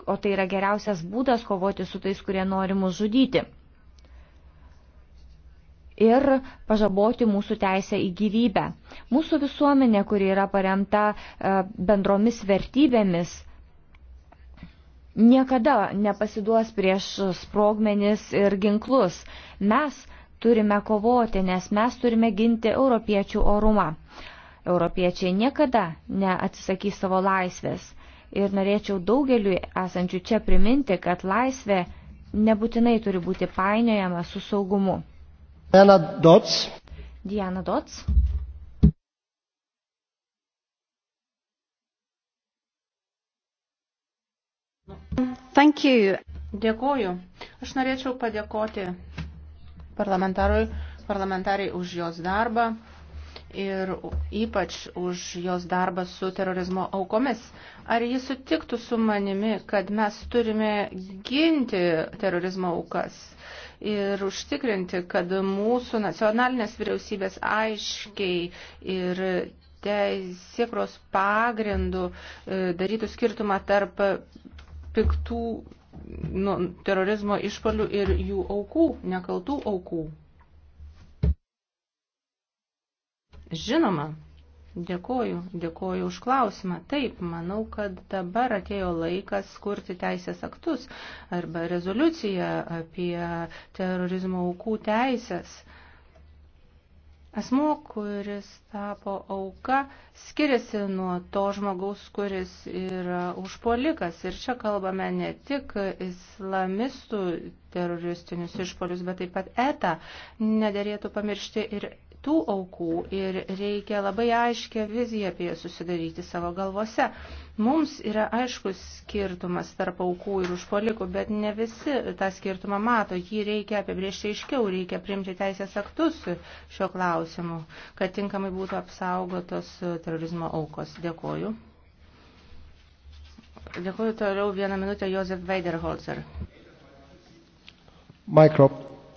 o tai yra geriausias būdas kovoti su tais, kurie nori mus žudyti ir pažaboti mūsų teisę į gyvybę. Mūsų visuomenė, kuri yra paremta e, bendromis vertybėmis, niekada nepasiduos prieš sprogmenis ir ginklus. Mes turime kovoti, nes mes turime ginti europiečių orumą. Europiečiai niekada neatsisakys savo laisvės. Ir norėčiau daugeliu esančių čia priminti, kad laisvė nebūtinai turi būti painiojama su saugumu. Diana Dots. Diana Dots. Thank you. Dėkoju. Aš norėčiau padėkoti parlamentarui, parlamentariai už jos darbą ir ypač už jos darbą su terorizmo aukomis. Ar jis sutiktų su manimi, kad mes turime ginti terorizmo aukas? ir užtikrinti, kad mūsų nacionalinės vyriausybės aiškiai ir teisėkros pagrindų e, darytų skirtumą tarp piktų nu, terorizmo išpolių ir jų aukų, nekaltų aukų. Žinoma, Dėkoju, dėkoju už klausimą. Taip, manau, kad dabar atėjo laikas skurti teisės aktus arba rezoliuciją apie terorizmo aukų teisės. Asmo, kuris tapo auka, skiriasi nuo to žmogaus, kuris yra užpolikas. Ir čia kalbame ne tik islamistų teroristinius išpolius, bet taip pat ETA. Nederėtų pamiršti ir tų aukų ir reikia labai aiškę viziją apie jas susidaryti savo galvose. Mums yra aiškus skirtumas tarp aukų ir užpolikų, bet ne visi tą skirtumą mato. Jį reikia apibriežti aiškiau, reikia priimti teisės aktus šio klausimu, kad tinkamai būtų apsaugotos terorizmo aukos. Dėkoju. Dėkuoju toliau vieną minutę Josef Weiderholzer. Micro,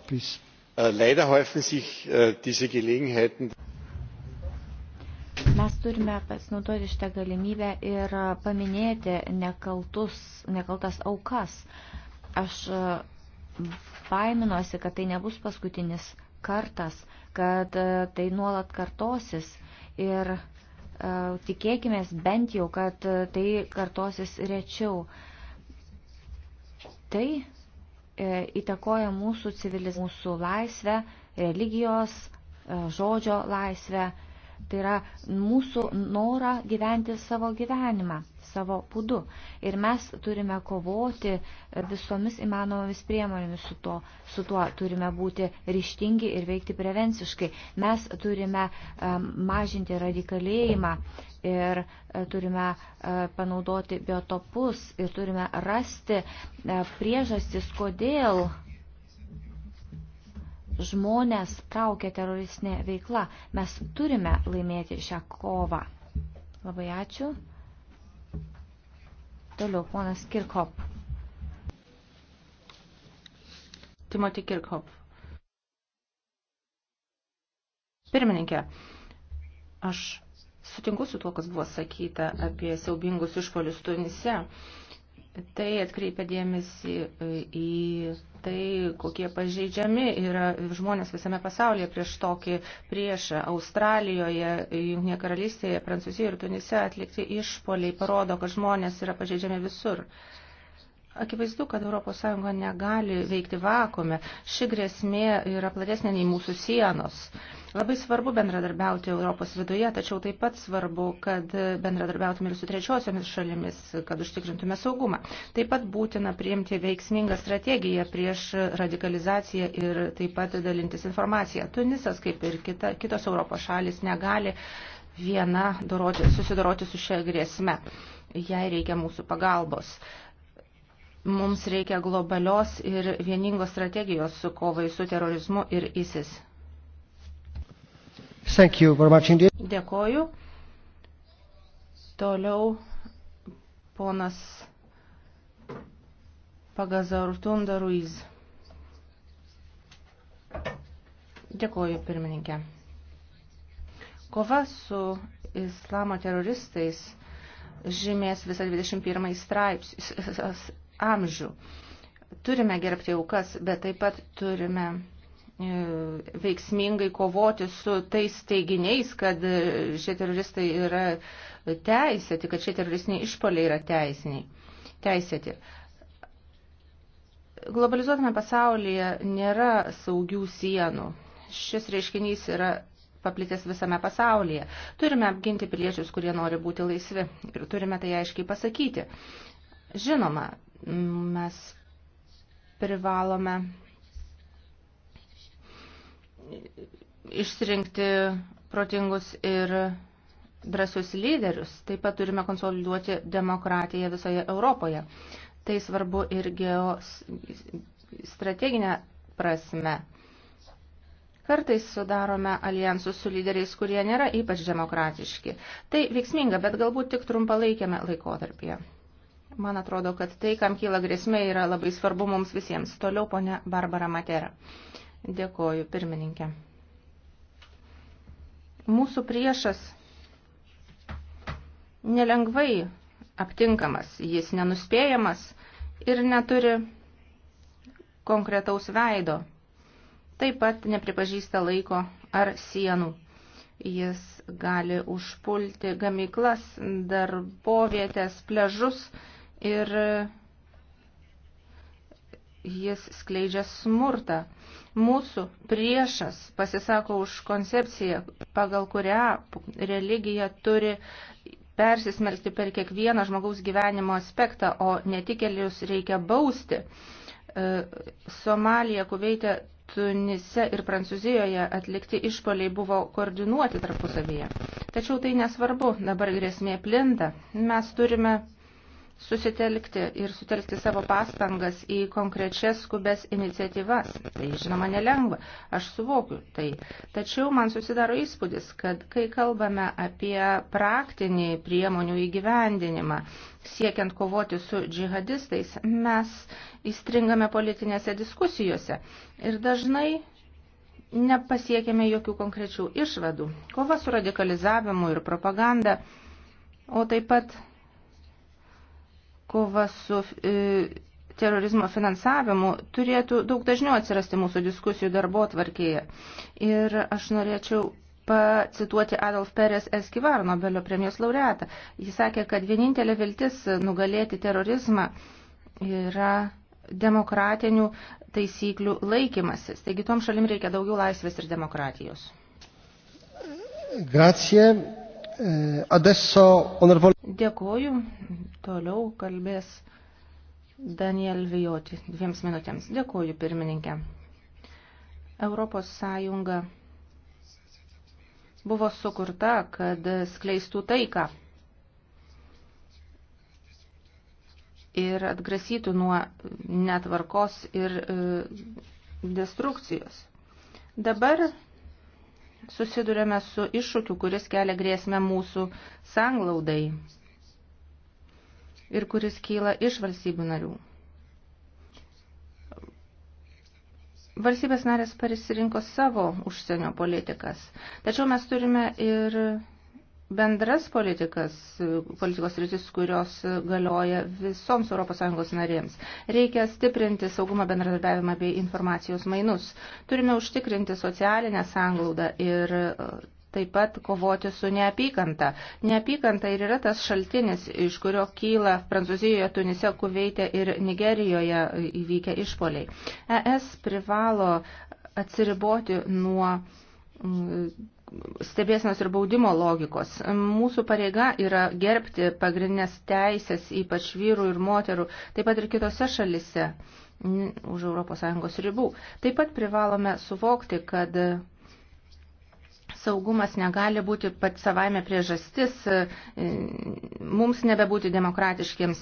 please. Äh, leider häufen sich äh, diese gelegenheiten. Mes turime pasinaudoti šitą galimybę ir äh, paminėti nekaltus, nekaltas aukas. Aš baiminuosi, kad tai nebus paskutinis kartas, kad tai nuolat kartosis ir tikėkime bent jau, kad tai kartosis rečiau. Tai E, įtakoja mūsų civilizaciją, mūsų laisvę, religijos, e, žodžio laisvę Tai yra mūsų norą gyventi savo gyvenimą, savo būdu. Ir mes turime kovoti visomis įmanomomis priemonėmis su tuo. Su tuo turime būti ryštingi ir veikti prevenciškai. Mes turime mažinti radikalėjimą ir e, turime e, panaudoti biotopus ir turime rasti e, priežastis, kodėl žmonės traukia teroristinė veikla. Mes turime laimėti šią kovą. Labai ačiū. Toliau ponas Kirkhop. Timothy Kirkhop. Pirmininkė, aš sutinku su tuo, kas buvo sakyta apie siaubingus išpolius Tunise. Tai atkreipia dėmesį e, į tai, kokie pažeidžiami yra žmonės visame pasaulyje prieš tokį priešą. Australijoje, Junktinėje karalystėje, Prancūzijoje ir Tunise atlikti išpoliai parodo, kad žmonės yra pažeidžiami visur. Akivaizdu, kad ES negali veikti vakume. Ši grėsmė yra platesnė nei mūsų sienos. Labai svarbu bendradarbiauti Europos viduje, tačiau taip pat svarbu, kad bendradarbiautume ir su trečiosiomis šalimis, kad užtikrintume saugumą. Taip pat būtina priimti veiksmingą strategiją prieš radikalizaciją ir taip pat dalintis informaciją. Tunisas, kaip ir kita, kitos Europos šalis, negali viena doroti, susidoroti su šia grėsme. Jai reikia mūsų pagalbos. Mums reikia globalios ir vieningos strategijos su kovai su terorizmu ir ISIS. Dėkoju. Toliau ponas Pagazartunda Ruiz. Dėkoju, pirmininkė. Kova su islamo teroristais žymės visą 21 straips, amžių. Turime gerbti aukas, bet taip pat turime e, veiksmingai kovoti su tais teiginiais, kad e, šie teroristai yra teisėti, kad šie teroristiniai išpoliai yra teisiniai, teisėti. Globalizuotame pasaulyje nėra saugių sienų. Šis reiškinys yra paplitęs visame pasaulyje. Turime apginti piliečius, kurie nori būti laisvi ir turime tai aiškiai pasakyti. Žinoma, Mes privalome išsirinkti protingus ir drąsius lyderius. Taip pat turime konsoliduoti demokratiją visoje Europoje. Tai svarbu ir geostrateginė prasme. Kartais sudarome alijansus su lyderiais, kurie nėra ypač demokratiški. Tai veiksminga, bet galbūt tik trumpalaikėme laikotarpyje. Man atrodo, kad tai, kam kyla grėsmė, yra labai svarbu mums visiems. Toliau ponia Barbara Matera. Dėkoju, pirmininkė. Mūsų priešas nelengvai aptinkamas, jis nenuspėjamas ir neturi konkretaus veido. Taip pat nepripažįsta laiko ar sienų. Jis gali užpulti gamyklas, darbovietės, pležus ir jis skleidžia smurtą. Mūsų priešas pasisako už koncepciją, pagal kurią religija turi persismelkti per kiekvieną žmogaus gyvenimo aspektą, o netikėlius reikia bausti. E, Somalija, Kuveitė, Tunise ir Prancūzijoje atlikti išpoliai buvo koordinuoti tarpusavyje. Tačiau tai nesvarbu, dabar grėsmė plinta. Mes turime susitelkti ir sutelkti savo pastangas į konkrečias skubės iniciatyvas. Tai žinoma nelengva, aš suvokiu tai. Tačiau man susidaro įspūdis, kad kai kalbame apie praktinį priemonių įgyvendinimą, siekiant kovoti su džihadistais, mes įstringame politinėse diskusijose ir dažnai nepasiekėme jokių konkrečių išvadų. Kova su radikalizavimu ir propaganda, o taip pat kova su e, terorizmo finansavimu turėtų daug dažniau atsirasti mūsų diskusijų darbo tvarkėje. Ir aš norėčiau pacituoti Adolf Perez Eskivar, Nobelio premijos laureatą. Jis sakė, kad vienintelė viltis nugalėti terorizmą yra demokratinių taisyklių laikymasis. Taigi tom šalim reikia daugiau laisvės ir demokratijos. Grazie. Eh, adesso, onorevole. Dėkoju. Toliau kalbės Daniel Vijoti. Dviems minutėms. Dėkoju, pirmininkė. Europos Sąjunga buvo sukurta, kad skleistų taiką ir atgrasytų nuo netvarkos ir e, destrukcijos. Dabar susidurėme su iššūkiu, kuris kelia grėsmę mūsų sanglaudai ir kuris kyla iš valstybių narių. Valstybės narės pasirinko savo užsienio politikas, tačiau mes turime ir bendras politikas, politikos rytis, kurios galioja visoms ES narėms. Reikia stiprinti saugumo bendradarbiavimą bei informacijos mainus. Turime užtikrinti socialinę sanglaudą ir e, taip pat kovoti su neapykanta. Neapykanta ir yra tas šaltinis, iš kurio kyla Prancūzijoje, Tunise, Kuveite ir Nigerijoje įvykę išpoliai. ES privalo atsiriboti nuo stebėsenos ir baudimo logikos. Mūsų pareiga yra gerbti pagrindinės teisės, ypač vyrų ir moterų, taip pat ir kitose šalise už ES ribų. Taip pat privalome suvokti, kad saugumas negali būti pat savaime priežastis e, mums nebebūti demokratiškiams.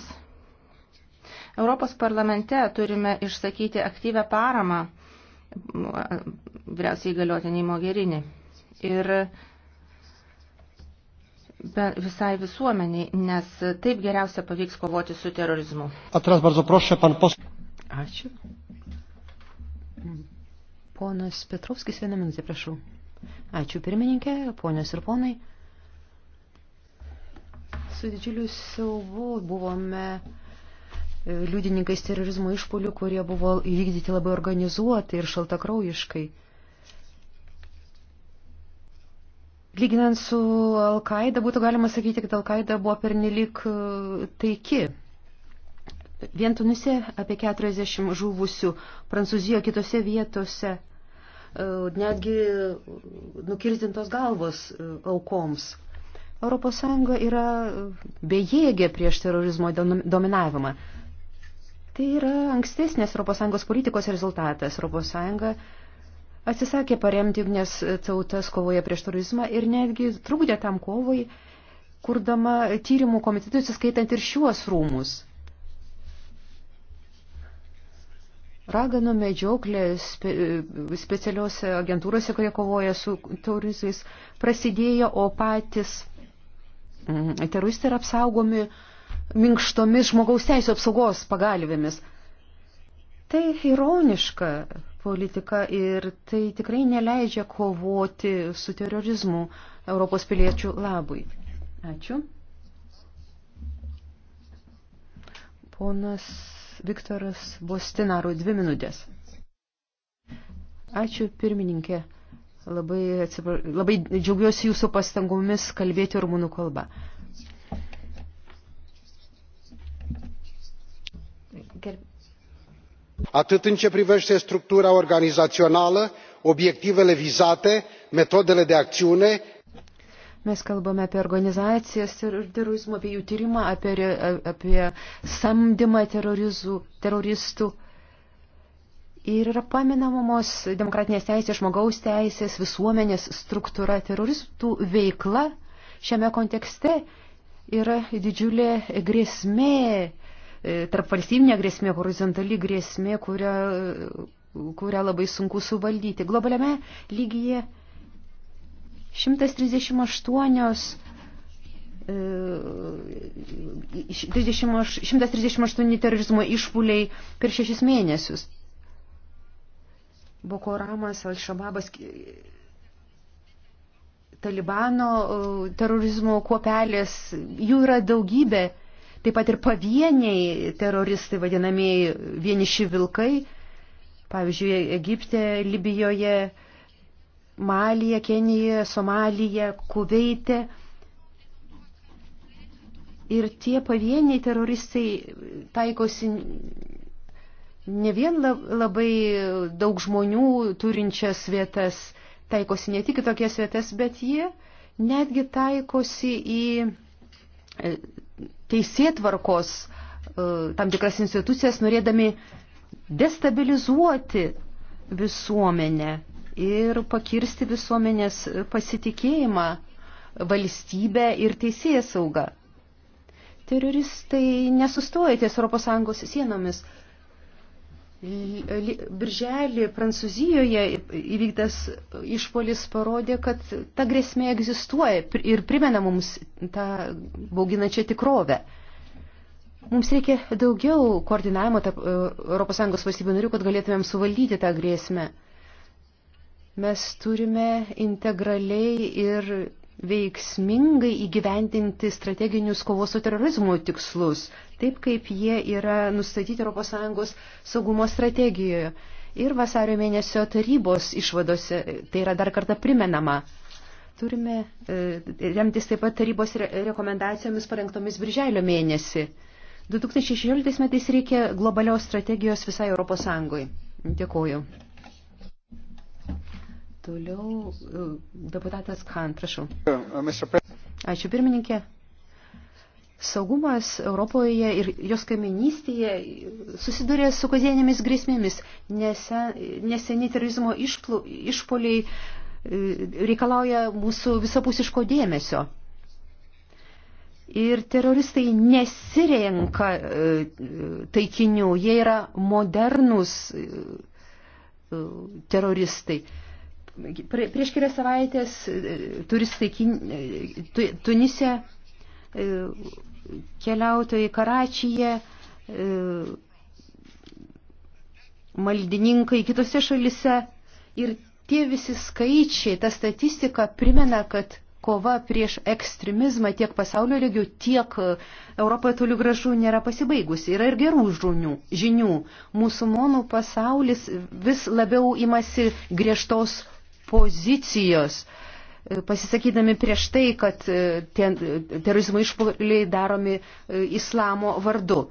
Europos parlamente turime išsakyti aktyvę paramą vyriausiai galiotiniai Mogherini ir visai visuomeniai, nes taip geriausia pavyks kovoti su terorizmu. Atras, bardzo proszę, pan pos... Ačiū. Ponas Petrovskis, vieną minutę, prašau. Ačiū pirmininkė, ponios ir ponai. Su didžiuliu siaubu buvome e, liudininkais terorizmo išpolių, kurie buvo įvykdyti labai organizuotai ir šaltakraujiškai. lyginant su Al-Qaeda, būtų galima sakyti, kad Al-Qaeda buvo pernelyg e, taiki. Vien Tunise apie 40 žuvusių, Prancūzijoje kitose vietose, e, netgi nukirzdintos galvos e, aukoms. ES yra bejėgė prieš terorizmo dominavimą. Tai yra ankstesnės ES politikos rezultatas. ES atsisakė paremti jungtinės tautas kovoje prieš terorizmą ir netgi trukdė tam kovai, kurdama tyrimų komitetus, įskaitant ir šiuos rūmus. Raganų medžioklė spe, specialiuose agentūrose, kurie kovoja su teroristais, prasidėjo, o patys mm, teroristai yra apsaugomi minkštomis žmogaus teisų apsaugos pagalvėmis. Tai ironiška, politika ir tai tikrai neleidžia kovoti su terorizmu Europos piliečių labui. Ačiū. Ponas Viktoras Bostinaru, dvi minutės. Ačiū, pirmininkė. Labai, atsipra... Labai džiaugiuosi jūsų pastangomis kalbėti rumunų kalbą. Gerb atât în ce privește structura organizațională obiectivele vizate metodele de acțiune Mes kalbame apie organizacijas ir terorizmą, apie jų tyrimą, apie, apie samdymą terorizų, teroristų. Ir yra paminamos demokratinės teisės, žmogaus teisės, visuomenės struktūra, teroristų veikla šiame kontekste yra didžiulė grėsmė E, tarp valstybinė grėsmė, horizontali grėsmė, kurią, kurią labai sunku suvaldyti. Globaliame lygyje 138 138 e, terorizmo išpuliai per šešis mėnesius. Boko Ramas, Al-Shababas, Talibano e, terorizmo kuopelės, jų yra daugybė. Taip pat ir pavieniai teroristai, vadinamieji vieniši vilkai, pavyzdžiui, Egipte, Libijoje, Malija, Kenija, Somalija, Kuveitė. Ir tie pavieniai teroristai taikosi ne vien labai daug žmonių turinčias vietas, taikosi ne tik į tokias vietas, bet jie netgi taikosi į teisėtvarkos e, tam tikras institucijas, norėdami destabilizuoti visuomenę ir pakirsti visuomenės pasitikėjimą valstybę ir teisėją saugą. Teroristai nesustoja ties ES sienomis. Birželį Prancūzijoje įvykdas išpolis parodė, kad ta grėsmė egzistuoja ir primena mums tą bauginančią tikrovę. Mums reikia daugiau koordinavimo tarp ES valstybių narių, kad galėtumėm suvaldyti tą grėsmę. Mes turime integraliai ir veiksmingai įgyvendinti strateginius kovos su terorizmu tikslus, taip kaip jie yra nustatyti ES saugumo strategijoje. Ir vasario mėnesio tarybos išvadose tai yra dar kartą primenama. Turime e, remtis taip pat tarybos rekomendacijomis parengtomis birželio mėnesį. 2016 metais reikia globalios strategijos visai ES. Dėkuoju. Toliau e, deputatas Khan, prašau. Uh, uh, Ačiū pirmininkė. Saugumas Europoje ir jos kaiminystėje susidurė su kasdienėmis grėsmėmis. Neseni terorizmo išpoliai e, reikalauja mūsų visapusiško dėmesio. Ir teroristai nesirenka e, taikinių, jie yra modernus teroristai. Prieš kelias savaitės e, turistai e, Tunise e, keliautojai Karačyje, maldininkai kitose šalise ir tie visi skaičiai, ta statistika primena, kad kova prieš ekstremizmą tiek pasaulio lygių, tiek Europoje toli gražu nėra pasibaigusi. Yra ir gerų žinių. žinių. Musulmonų pasaulis vis labiau imasi griežtos pozicijos, e, pasisakydami prieš tai, kad e, ten, terorizmo išpoliai daromi e, islamo vardu.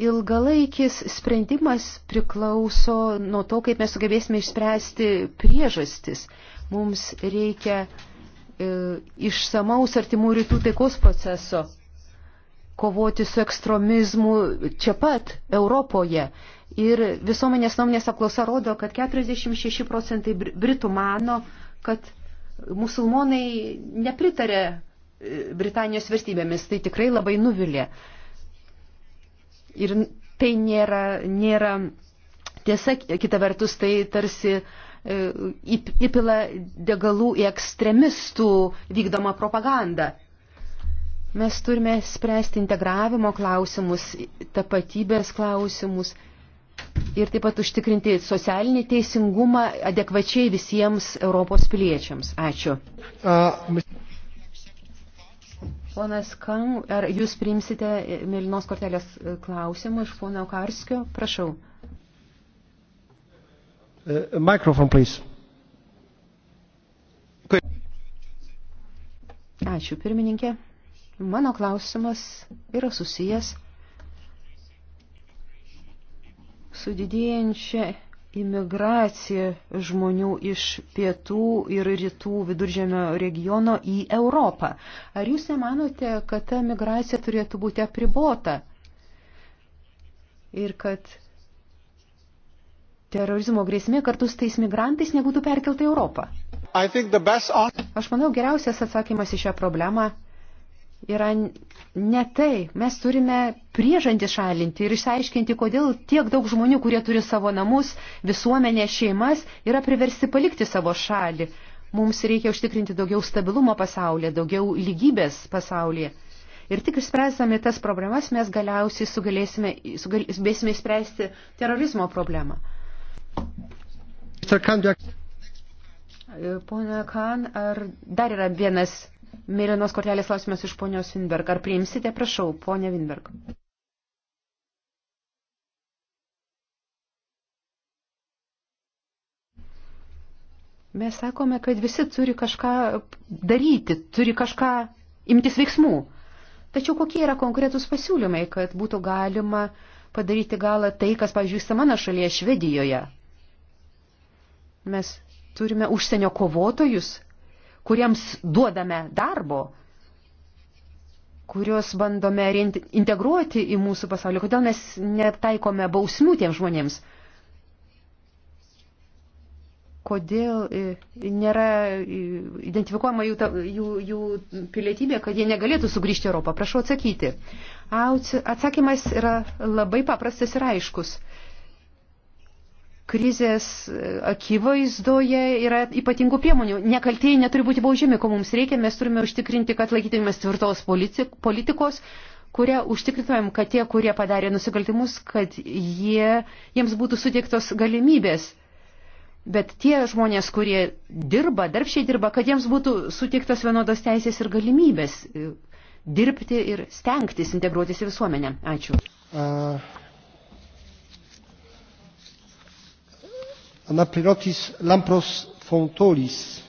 Ilgalaikis sprendimas priklauso nuo to, kaip mes sugebėsime išspręsti priežastis. Mums reikia e, išsamaus artimų rytų taikos proceso kovoti su ekstremizmu čia pat, Europoje. Ir visuomenės nuomonės apklausa rodo, kad 46 procentai Britų mano, kad musulmonai nepritarė e, Britanijos vertybėmis. Tai tikrai labai nuvilė. Ir tai nėra, nėra tiesa, kita vertus, tai tarsi e, įpila degalų į ekstremistų vykdomą propagandą. Mes turime spręsti integravimo klausimus, tapatybės klausimus ir taip pat užtikrinti socialinį teisingumą adekvačiai visiems Europos piliečiams. Ačiū. Uh, Ponas Kam, ar jūs priimsite Mėlynos kortelės klausimą iš pono Karskio? Prašau. Uh, e, microphone, please. Ačiū, pirmininkė. Mano klausimas yra susijęs su didėjančia imigracija žmonių iš pietų ir rytų viduržėmio regiono į Europą. Ar jūs nemanote, kad ta migracija turėtų būti apribota ir kad terorizmo grėsmė kartu su tais migrantais nebūtų perkelta į Europą? Best... Aš manau, geriausias atsakymas į šią problemą yra ne tai. Mes turime priežantį šalinti ir išsiaiškinti, kodėl tiek daug žmonių, kurie turi savo namus, visuomenę, šeimas, yra priversti palikti savo šalį. Mums reikia užtikrinti daugiau stabilumo pasaulyje, daugiau lygybės pasaulyje. Ir tik išspręsdami tas problemas mes galiausiai sugalėsime, sugalėsime išspręsti terorizmo problemą. Pone Kan, ar dar yra vienas Mėlynos kortelės klausimas iš ponios Winberg. Ar priimsite, prašau, ponė Winberg? Mes sakome, kad visi turi kažką daryti, turi kažką imtis veiksmų. Tačiau kokie yra konkretūs pasiūlymai, kad būtų galima padaryti galą tai, kas, pavyzdžiui, mano šalyje Švedijoje? Mes turime užsienio kovotojus, kuriems duodame darbo, kuriuos bandome integruoti į mūsų pasaulį, kodėl mes netaikome bausmių tiems žmonėms kodėl e, nėra e, identifikuojama jų, ta, jų, jų pilietybė, kad jie negalėtų sugrįžti į Europą. Prašau atsakyti. Atsakymas yra labai paprastas ir aiškus krizės e, akivaizdoje yra ypatingų priemonių. Nekaltieji neturi būti baudžiami, ko mums reikia, mes turime užtikrinti, kad laikytumės tvirtos politikos, kurią užtikrintumėm, kad tie, kurie padarė nusikaltimus, kad jie, jiems būtų suteiktos galimybės. Bet tie žmonės, kurie dirba, darbščiai dirba, kad jiems būtų suteiktos vienodos teisės ir galimybės e, dirbti ir stengtis integruotis į visuomenę. Ačiū. Uh. Anapirotis Lampros Fontolis.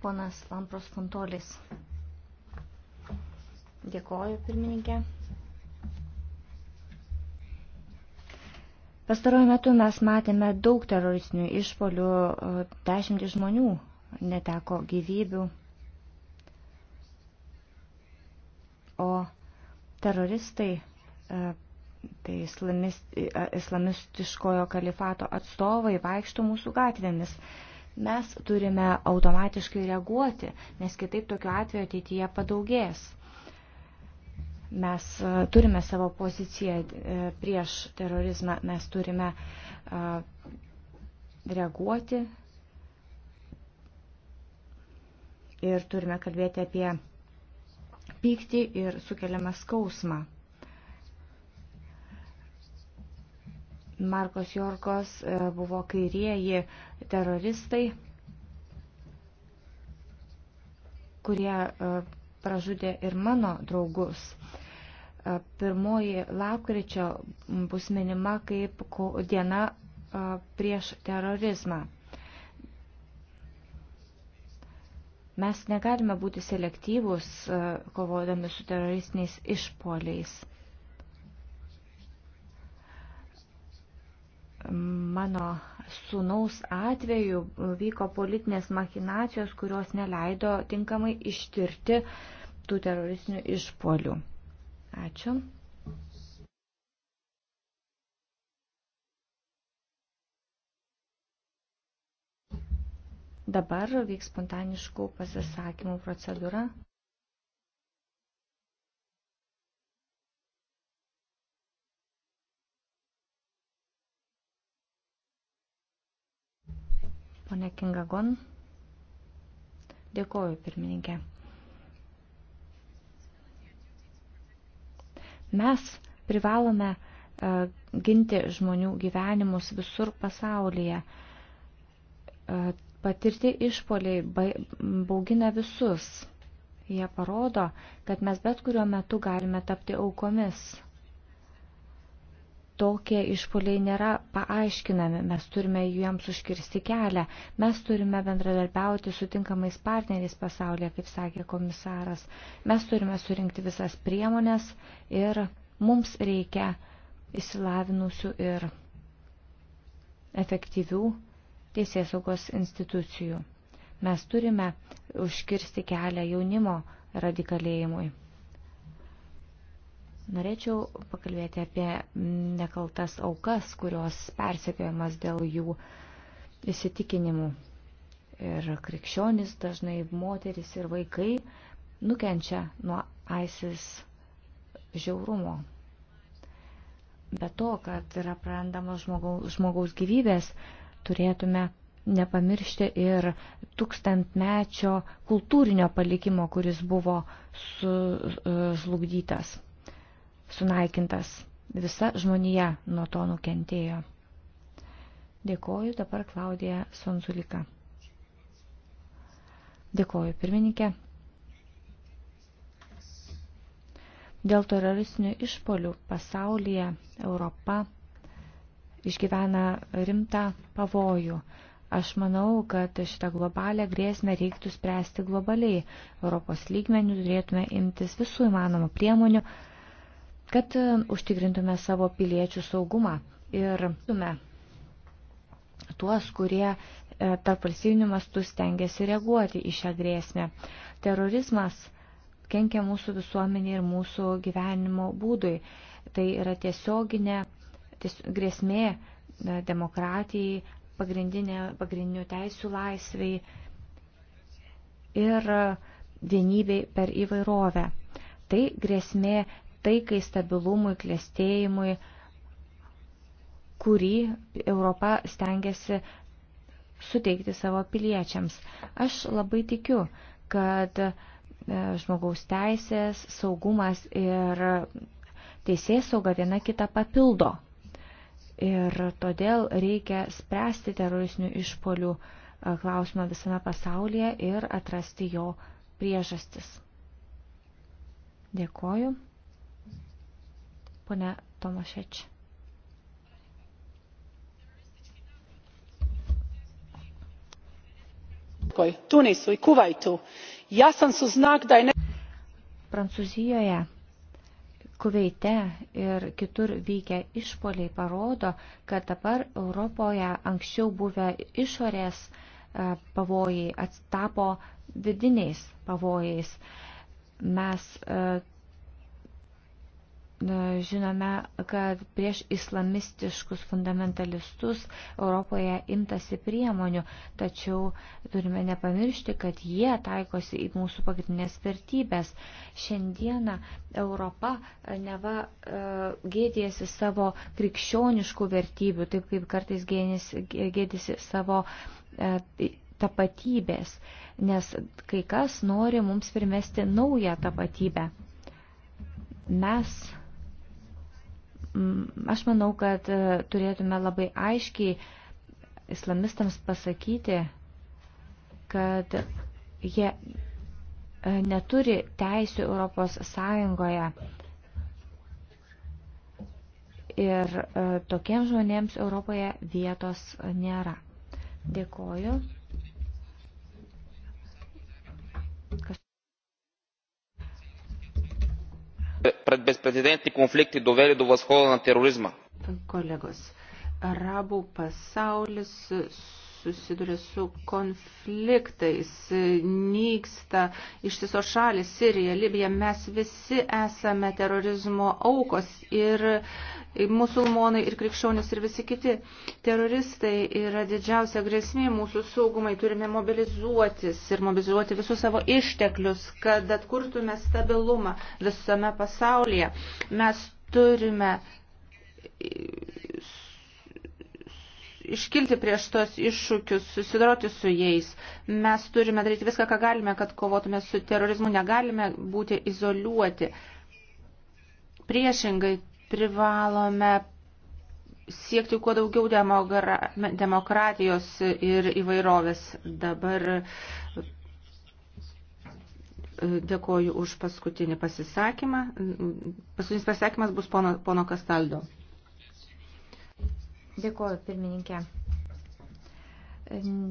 Ponas Lampros Fontolis. Dėkoju, pirmininkė. Pastaruoju metu mes matėme daug teroristinių išpolių, dešimtį žmonių neteko gyvybių. O teroristai e, tai islamist, islamistiškojo kalifato atstovai vaikšto mūsų gatvėmis. Mes turime automatiškai reaguoti, nes kitaip tokiu atveju ateityje padaugės. Mes turime savo poziciją e, prieš terorizmą, mes turime reaguoti ir turime kalbėti apie pyktį ir sukeliamą skausmą. Markos Jorkos e, buvo kairieji teroristai, kurie e, pražudė ir mano draugus. E, pirmoji lapkričio bus minima kaip diena prieš terorizmą. Mes negalime būti selektyvus kovodami su teroristiniais išpoliais. mano sunaus atveju vyko politinės machinacijos, kurios neleido tinkamai ištirti tų teroristinių išpolių. Ačiū. Dabar vyks spontaniškų pasisakymų procedūra. Pone Kingagon. Dėkoju, pirmininkė. Mes privalome e, ginti žmonių gyvenimus visur pasaulyje. E, patirti išpoliai baugina visus. Jie parodo, kad mes bet kuriuo metu galime tapti aukomis tokie išpoliai nėra paaiškinami, mes turime jiems užkirsti kelią, mes turime bendradarbiauti su tinkamais partneriais pasaulyje, kaip sakė komisaras, mes turime surinkti visas priemonės ir mums reikia įsilavinusių ir efektyvių teisėsaugos institucijų. Mes turime užkirsti kelią jaunimo radikalėjimui. Norėčiau pakalbėti apie nekaltas aukas, kurios persekiojamas dėl jų įsitikinimų. Ir krikščionis dažnai moteris ir vaikai nukenčia nuo ISIS žiaurumo. Be to, kad yra prarandamos žmogaus, žmogaus gyvybės, turėtume nepamiršti ir tūkstantmečio kultūrinio palikimo, kuris buvo su, e, žlugdytas. Uh, sunaikintas. Visa žmonija nuo to nukentėjo. Dėkoju dabar Klaudija Sonzulika. Dėkoju pirmininkė. Dėl teroristinių išpolių pasaulyje Europa išgyvena rimtą pavojų. Aš manau, kad šitą globalę grėsmę reiktų spręsti globaliai. Europos lygmenių turėtume imtis visų įmanomų priemonių, kad e, užtikrintume savo piliečių saugumą ir tume tuos, kurie e, tarp valstybinių mastų stengiasi reaguoti į šią grėsmę. Terorizmas kenkia mūsų visuomenį ir mūsų gyvenimo būdui. Tai yra tiesioginė ties, grėsmė e, demokratijai, pagrindinių teisų laisviai ir vienybei per įvairovę. Tai grėsmė taikai, stabilumui, klėstėjimui, kurį Europa stengiasi suteikti savo piliečiams. Aš labai tikiu, kad e, žmogaus teisės, saugumas ir teisės sauga viena kitą papildo. Ir todėl reikia spręsti teroristinių išpolių e, klausimą visame pasaulyje ir atrasti jo priežastis. Dėkoju pone Tomašeč. tunisu i kuvajtu jasan su znak da je prancūzijoje kuveite ir kitur vykę išpoliai parodo kad dabar europoje anksčiau buvę išorės e, pavojai tapo vidiniais pavojais mes e, žinome, kad prieš islamistiškus fundamentalistus Europoje imtasi priemonių, tačiau turime nepamiršti, kad jie taikosi į mūsų pagrindinės vertybės. Šiandieną Europa e, neva e, gėdėsi savo krikščioniškų vertybių, taip kaip kartais gėdėsi savo e, tapatybės, nes kai kas nori mums primesti naują tapatybę. Mes Mm, aš manau, kad e, turėtume labai aiškiai islamistams pasakyti, kad jie e, neturi teisių Europos Sąjungoje. Ir e, tokiems žmonėms Europoje vietos nėra. Dėkoju. Kas пред безпредседентни конфликти, довели до възхода на тероризма. Kolegos, arabų pasaulis susiduria su konfliktais, nyksta ištiso šalis, Sirija, Libija, mes visi esame terorizmo aukos ir musulmonai, ir krikščionis, ir visi kiti. Teroristai yra didžiausia grėsmė mūsų saugumai, turime mobilizuotis ir mobilizuoti visus savo išteklius, kad atkurtume stabilumą visame pasaulyje. Mes turime iškilti prieš tos iššūkius, susidoroti su jais. Mes turime daryti viską, ką galime, kad kovotume su terorizmu, negalime būti izoliuoti. Priešingai privalome siekti kuo daugiau demokratijos ir įvairovės. Dabar dėkoju už paskutinį pasisakymą. Paskutinis pasisakymas bus pono, pono Kastaldo. Dėkuoju, pirmininkė.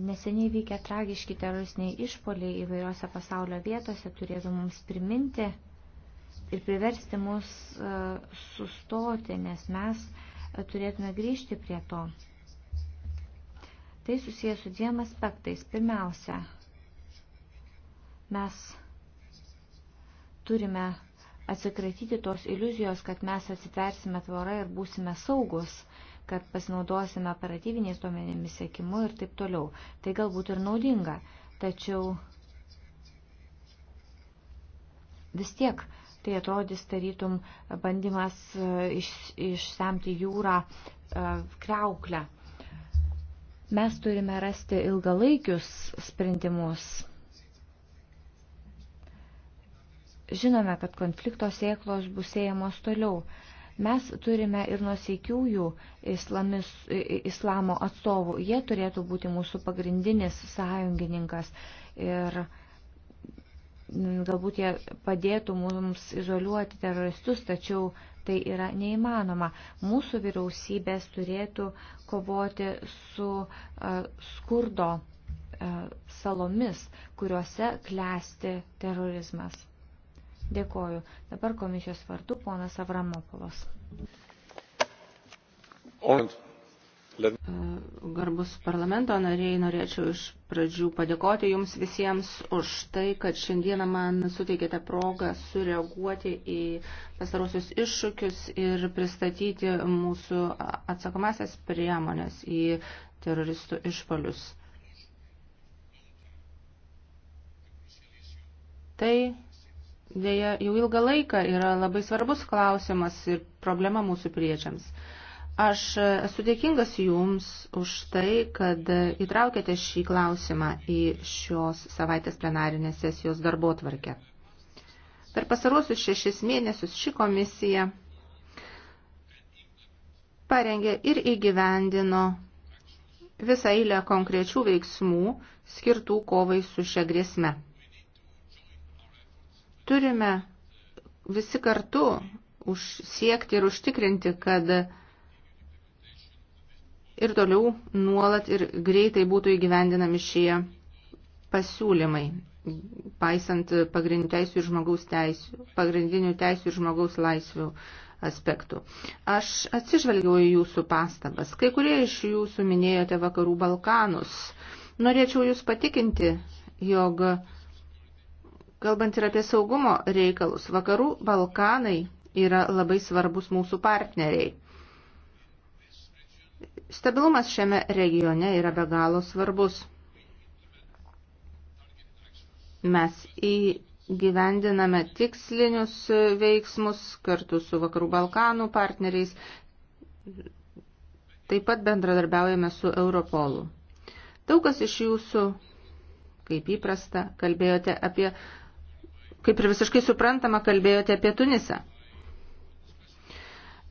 Neseniai vykę tragiški teroristiniai išpoliai įvairiose pasaulio vietose turėtų mums priminti ir priversti mus e, sustoti, nes mes e, turėtume grįžti prie to. Tai susijęs su dviem aspektais. Pirmiausia, mes turime atsikratyti tos iliuzijos, kad mes atsitversime tvorą ir būsime saugus kad pasinaudosime operatyviniais duomenimis sėkimu ir taip toliau. Tai galbūt ir naudinga, tačiau vis tiek tai atrodys tarytum bandymas e, iš, išsemti jūrą e, kreuklę. Mes turime rasti ilgalaikius sprendimus. Žinome, kad konflikto sėklos bus siejamos toliau. Mes turime ir nuseikiųjų islamis, islamo atstovų. Jie turėtų būti mūsų pagrindinis sąjungininkas. Ir mm, galbūt jie padėtų mums izoliuoti teroristus, tačiau tai yra neįmanoma. Mūsų vyriausybės turėtų kovoti su uh, skurdo uh, salomis, kuriuose klesti terorizmas. Dėkoju. Dabar komisijos vardu ponas Avramopolos. E, garbus parlamento nariai, norėčiau iš pradžių padėkoti jums visiems už tai, kad šiandieną man suteikėte progą sureaguoti į pastarosius iššūkius ir pristatyti mūsų atsakomasias priemonės į teroristų išpolius. Tai dėja jau ilgą laiką yra labai svarbus klausimas ir problema mūsų priečiams. Aš esu dėkingas Jums už tai, kad įtraukėte šį klausimą į šios savaitės plenarinės sesijos darbo tvarkę. Per pasaruosius šešis mėnesius ši komisija parengė ir įgyvendino visą eilę konkrečių veiksmų skirtų kovai su šia grėsme. Turime visi kartu siekti ir užtikrinti, kad ir toliau nuolat ir greitai būtų įgyvendinami šie pasiūlymai, paisant pagrindinių teisų ir žmogaus teisų, pagrindinių teisų ir žmogaus laisvių aspektų. Aš atsižvelgiau į jūsų pastabas. Kai kurie iš jūsų minėjote Vakarų Balkanus. Norėčiau jūs patikinti, jog Kalbant ir apie saugumo reikalus, vakarų Balkanai yra labai svarbus mūsų partneriai. Stabilumas šiame regione yra be galo svarbus. Mes įgyvendiname tikslinius veiksmus kartu su Vakarų Balkanų partneriais. Taip pat bendradarbiaujame su Europolu. Daug kas iš jūsų, kaip įprasta, kalbėjote apie kaip ir visiškai suprantama, kalbėjote apie Tunisą.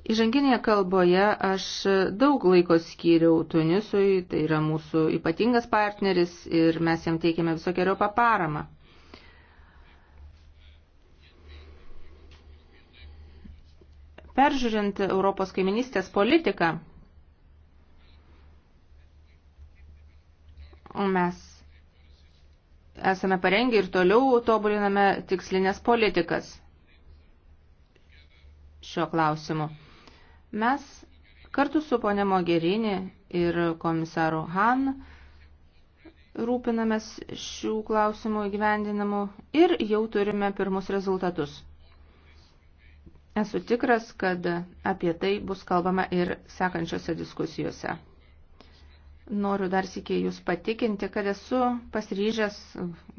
Įžanginėje kalboje aš daug laiko skyriau Tunisui, tai yra mūsų ypatingas partneris ir mes jam teikiame visokiojo paparamą. Peržiūrint Europos kaiminystės politiką, mes esame parengę ir toliau tobuliname tikslinės politikas šiuo klausimu. Mes kartu su ponė Mogherini ir komisaru Han rūpinamės šių klausimų įgyvendinamu ir jau turime pirmus rezultatus. Esu tikras, kad apie tai bus kalbama ir sekančiose diskusijose. Noriu dar sėkiai Jūs patikinti, kad esu pasiryžęs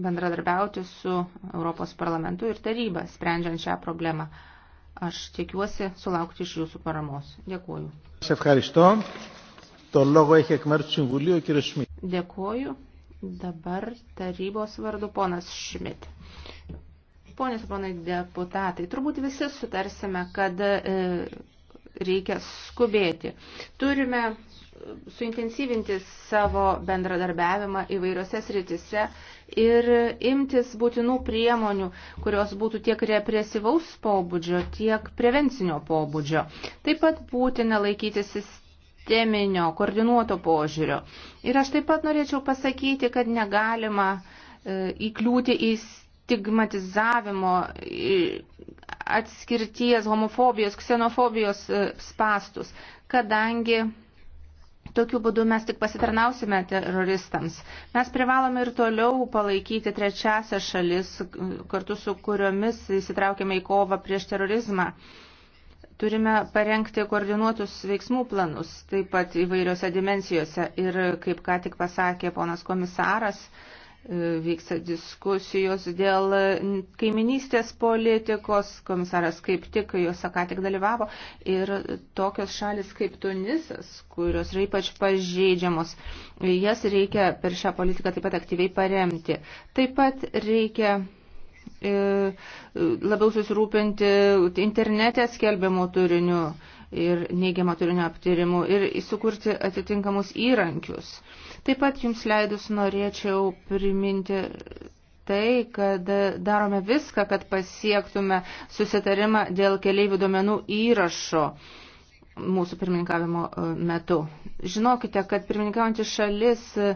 bendradarbiauti su Europos parlamentu ir taryba, sprendžiant šią problemą. Aš tikiuosi sulaukti iš Jūsų paramos. Dėkuoju. Dėkuoju. Dabar tarybos vardu ponas Šmit. Ponis, ponai deputatai, turbūt visi sutarsime, kad e, reikia skubėti. Turime suintensyvinti savo bendradarbiavimą įvairiose sritise ir imtis būtinų priemonių, kurios būtų tiek represyvaus pobūdžio, tiek prevencinio pobūdžio. Taip pat būtina laikytis sisteminio, koordinuoto požiūrio. Ir aš taip pat norėčiau pasakyti, kad negalima e, įkliūti į stigmatizavimo, atskirties, homofobijos, ksenofobijos e, spastus, kadangi Tokiu būdu mes tik pasitarnausime teroristams. Mes privalome ir toliau palaikyti trečiasią šalis, kartu su kuriomis įsitraukėme į kovą prieš terorizmą. Turime parengti koordinuotus veiksmų planus, taip pat įvairiose dimensijose. Ir kaip ką tik pasakė ponas komisaras, vyksta diskusijos dėl kaiminystės politikos, komisaras kaip tik juose ką tik dalyvavo, ir tokios šalis kaip Tunisas, kurios yra ypač pažeidžiamos, jas reikia per šią politiką taip pat aktyviai paremti. Taip pat reikia e, labiau susirūpinti internete skelbiamų turinių ir neigiamą turinio aptyrimų ir sukurti atitinkamus įrankius. Taip pat jums leidus norėčiau priminti tai, kad darome viską, kad pasiektume susitarimą dėl keliaivių duomenų įrašo mūsų pirmininkavimo e, metu. Žinokite, kad pirmininkaujantis šalis e,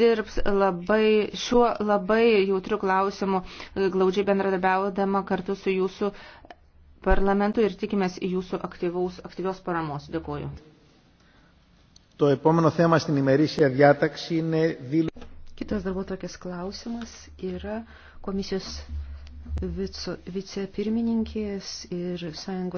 dirbs labai, šiuo labai jautriu klausimu, e, glaudžiai bendradabiaudama kartu su jūsų parlamentu ir tikimės jūsų aktyvaus, aktyvios paramos. Dėkuoju. Το επόμενο θέμα στην ημερήσια διάταξη είναι δήλωση. Kitas darbotvarkės klausimas yra komisijos vicepirmininkės ir sąjungos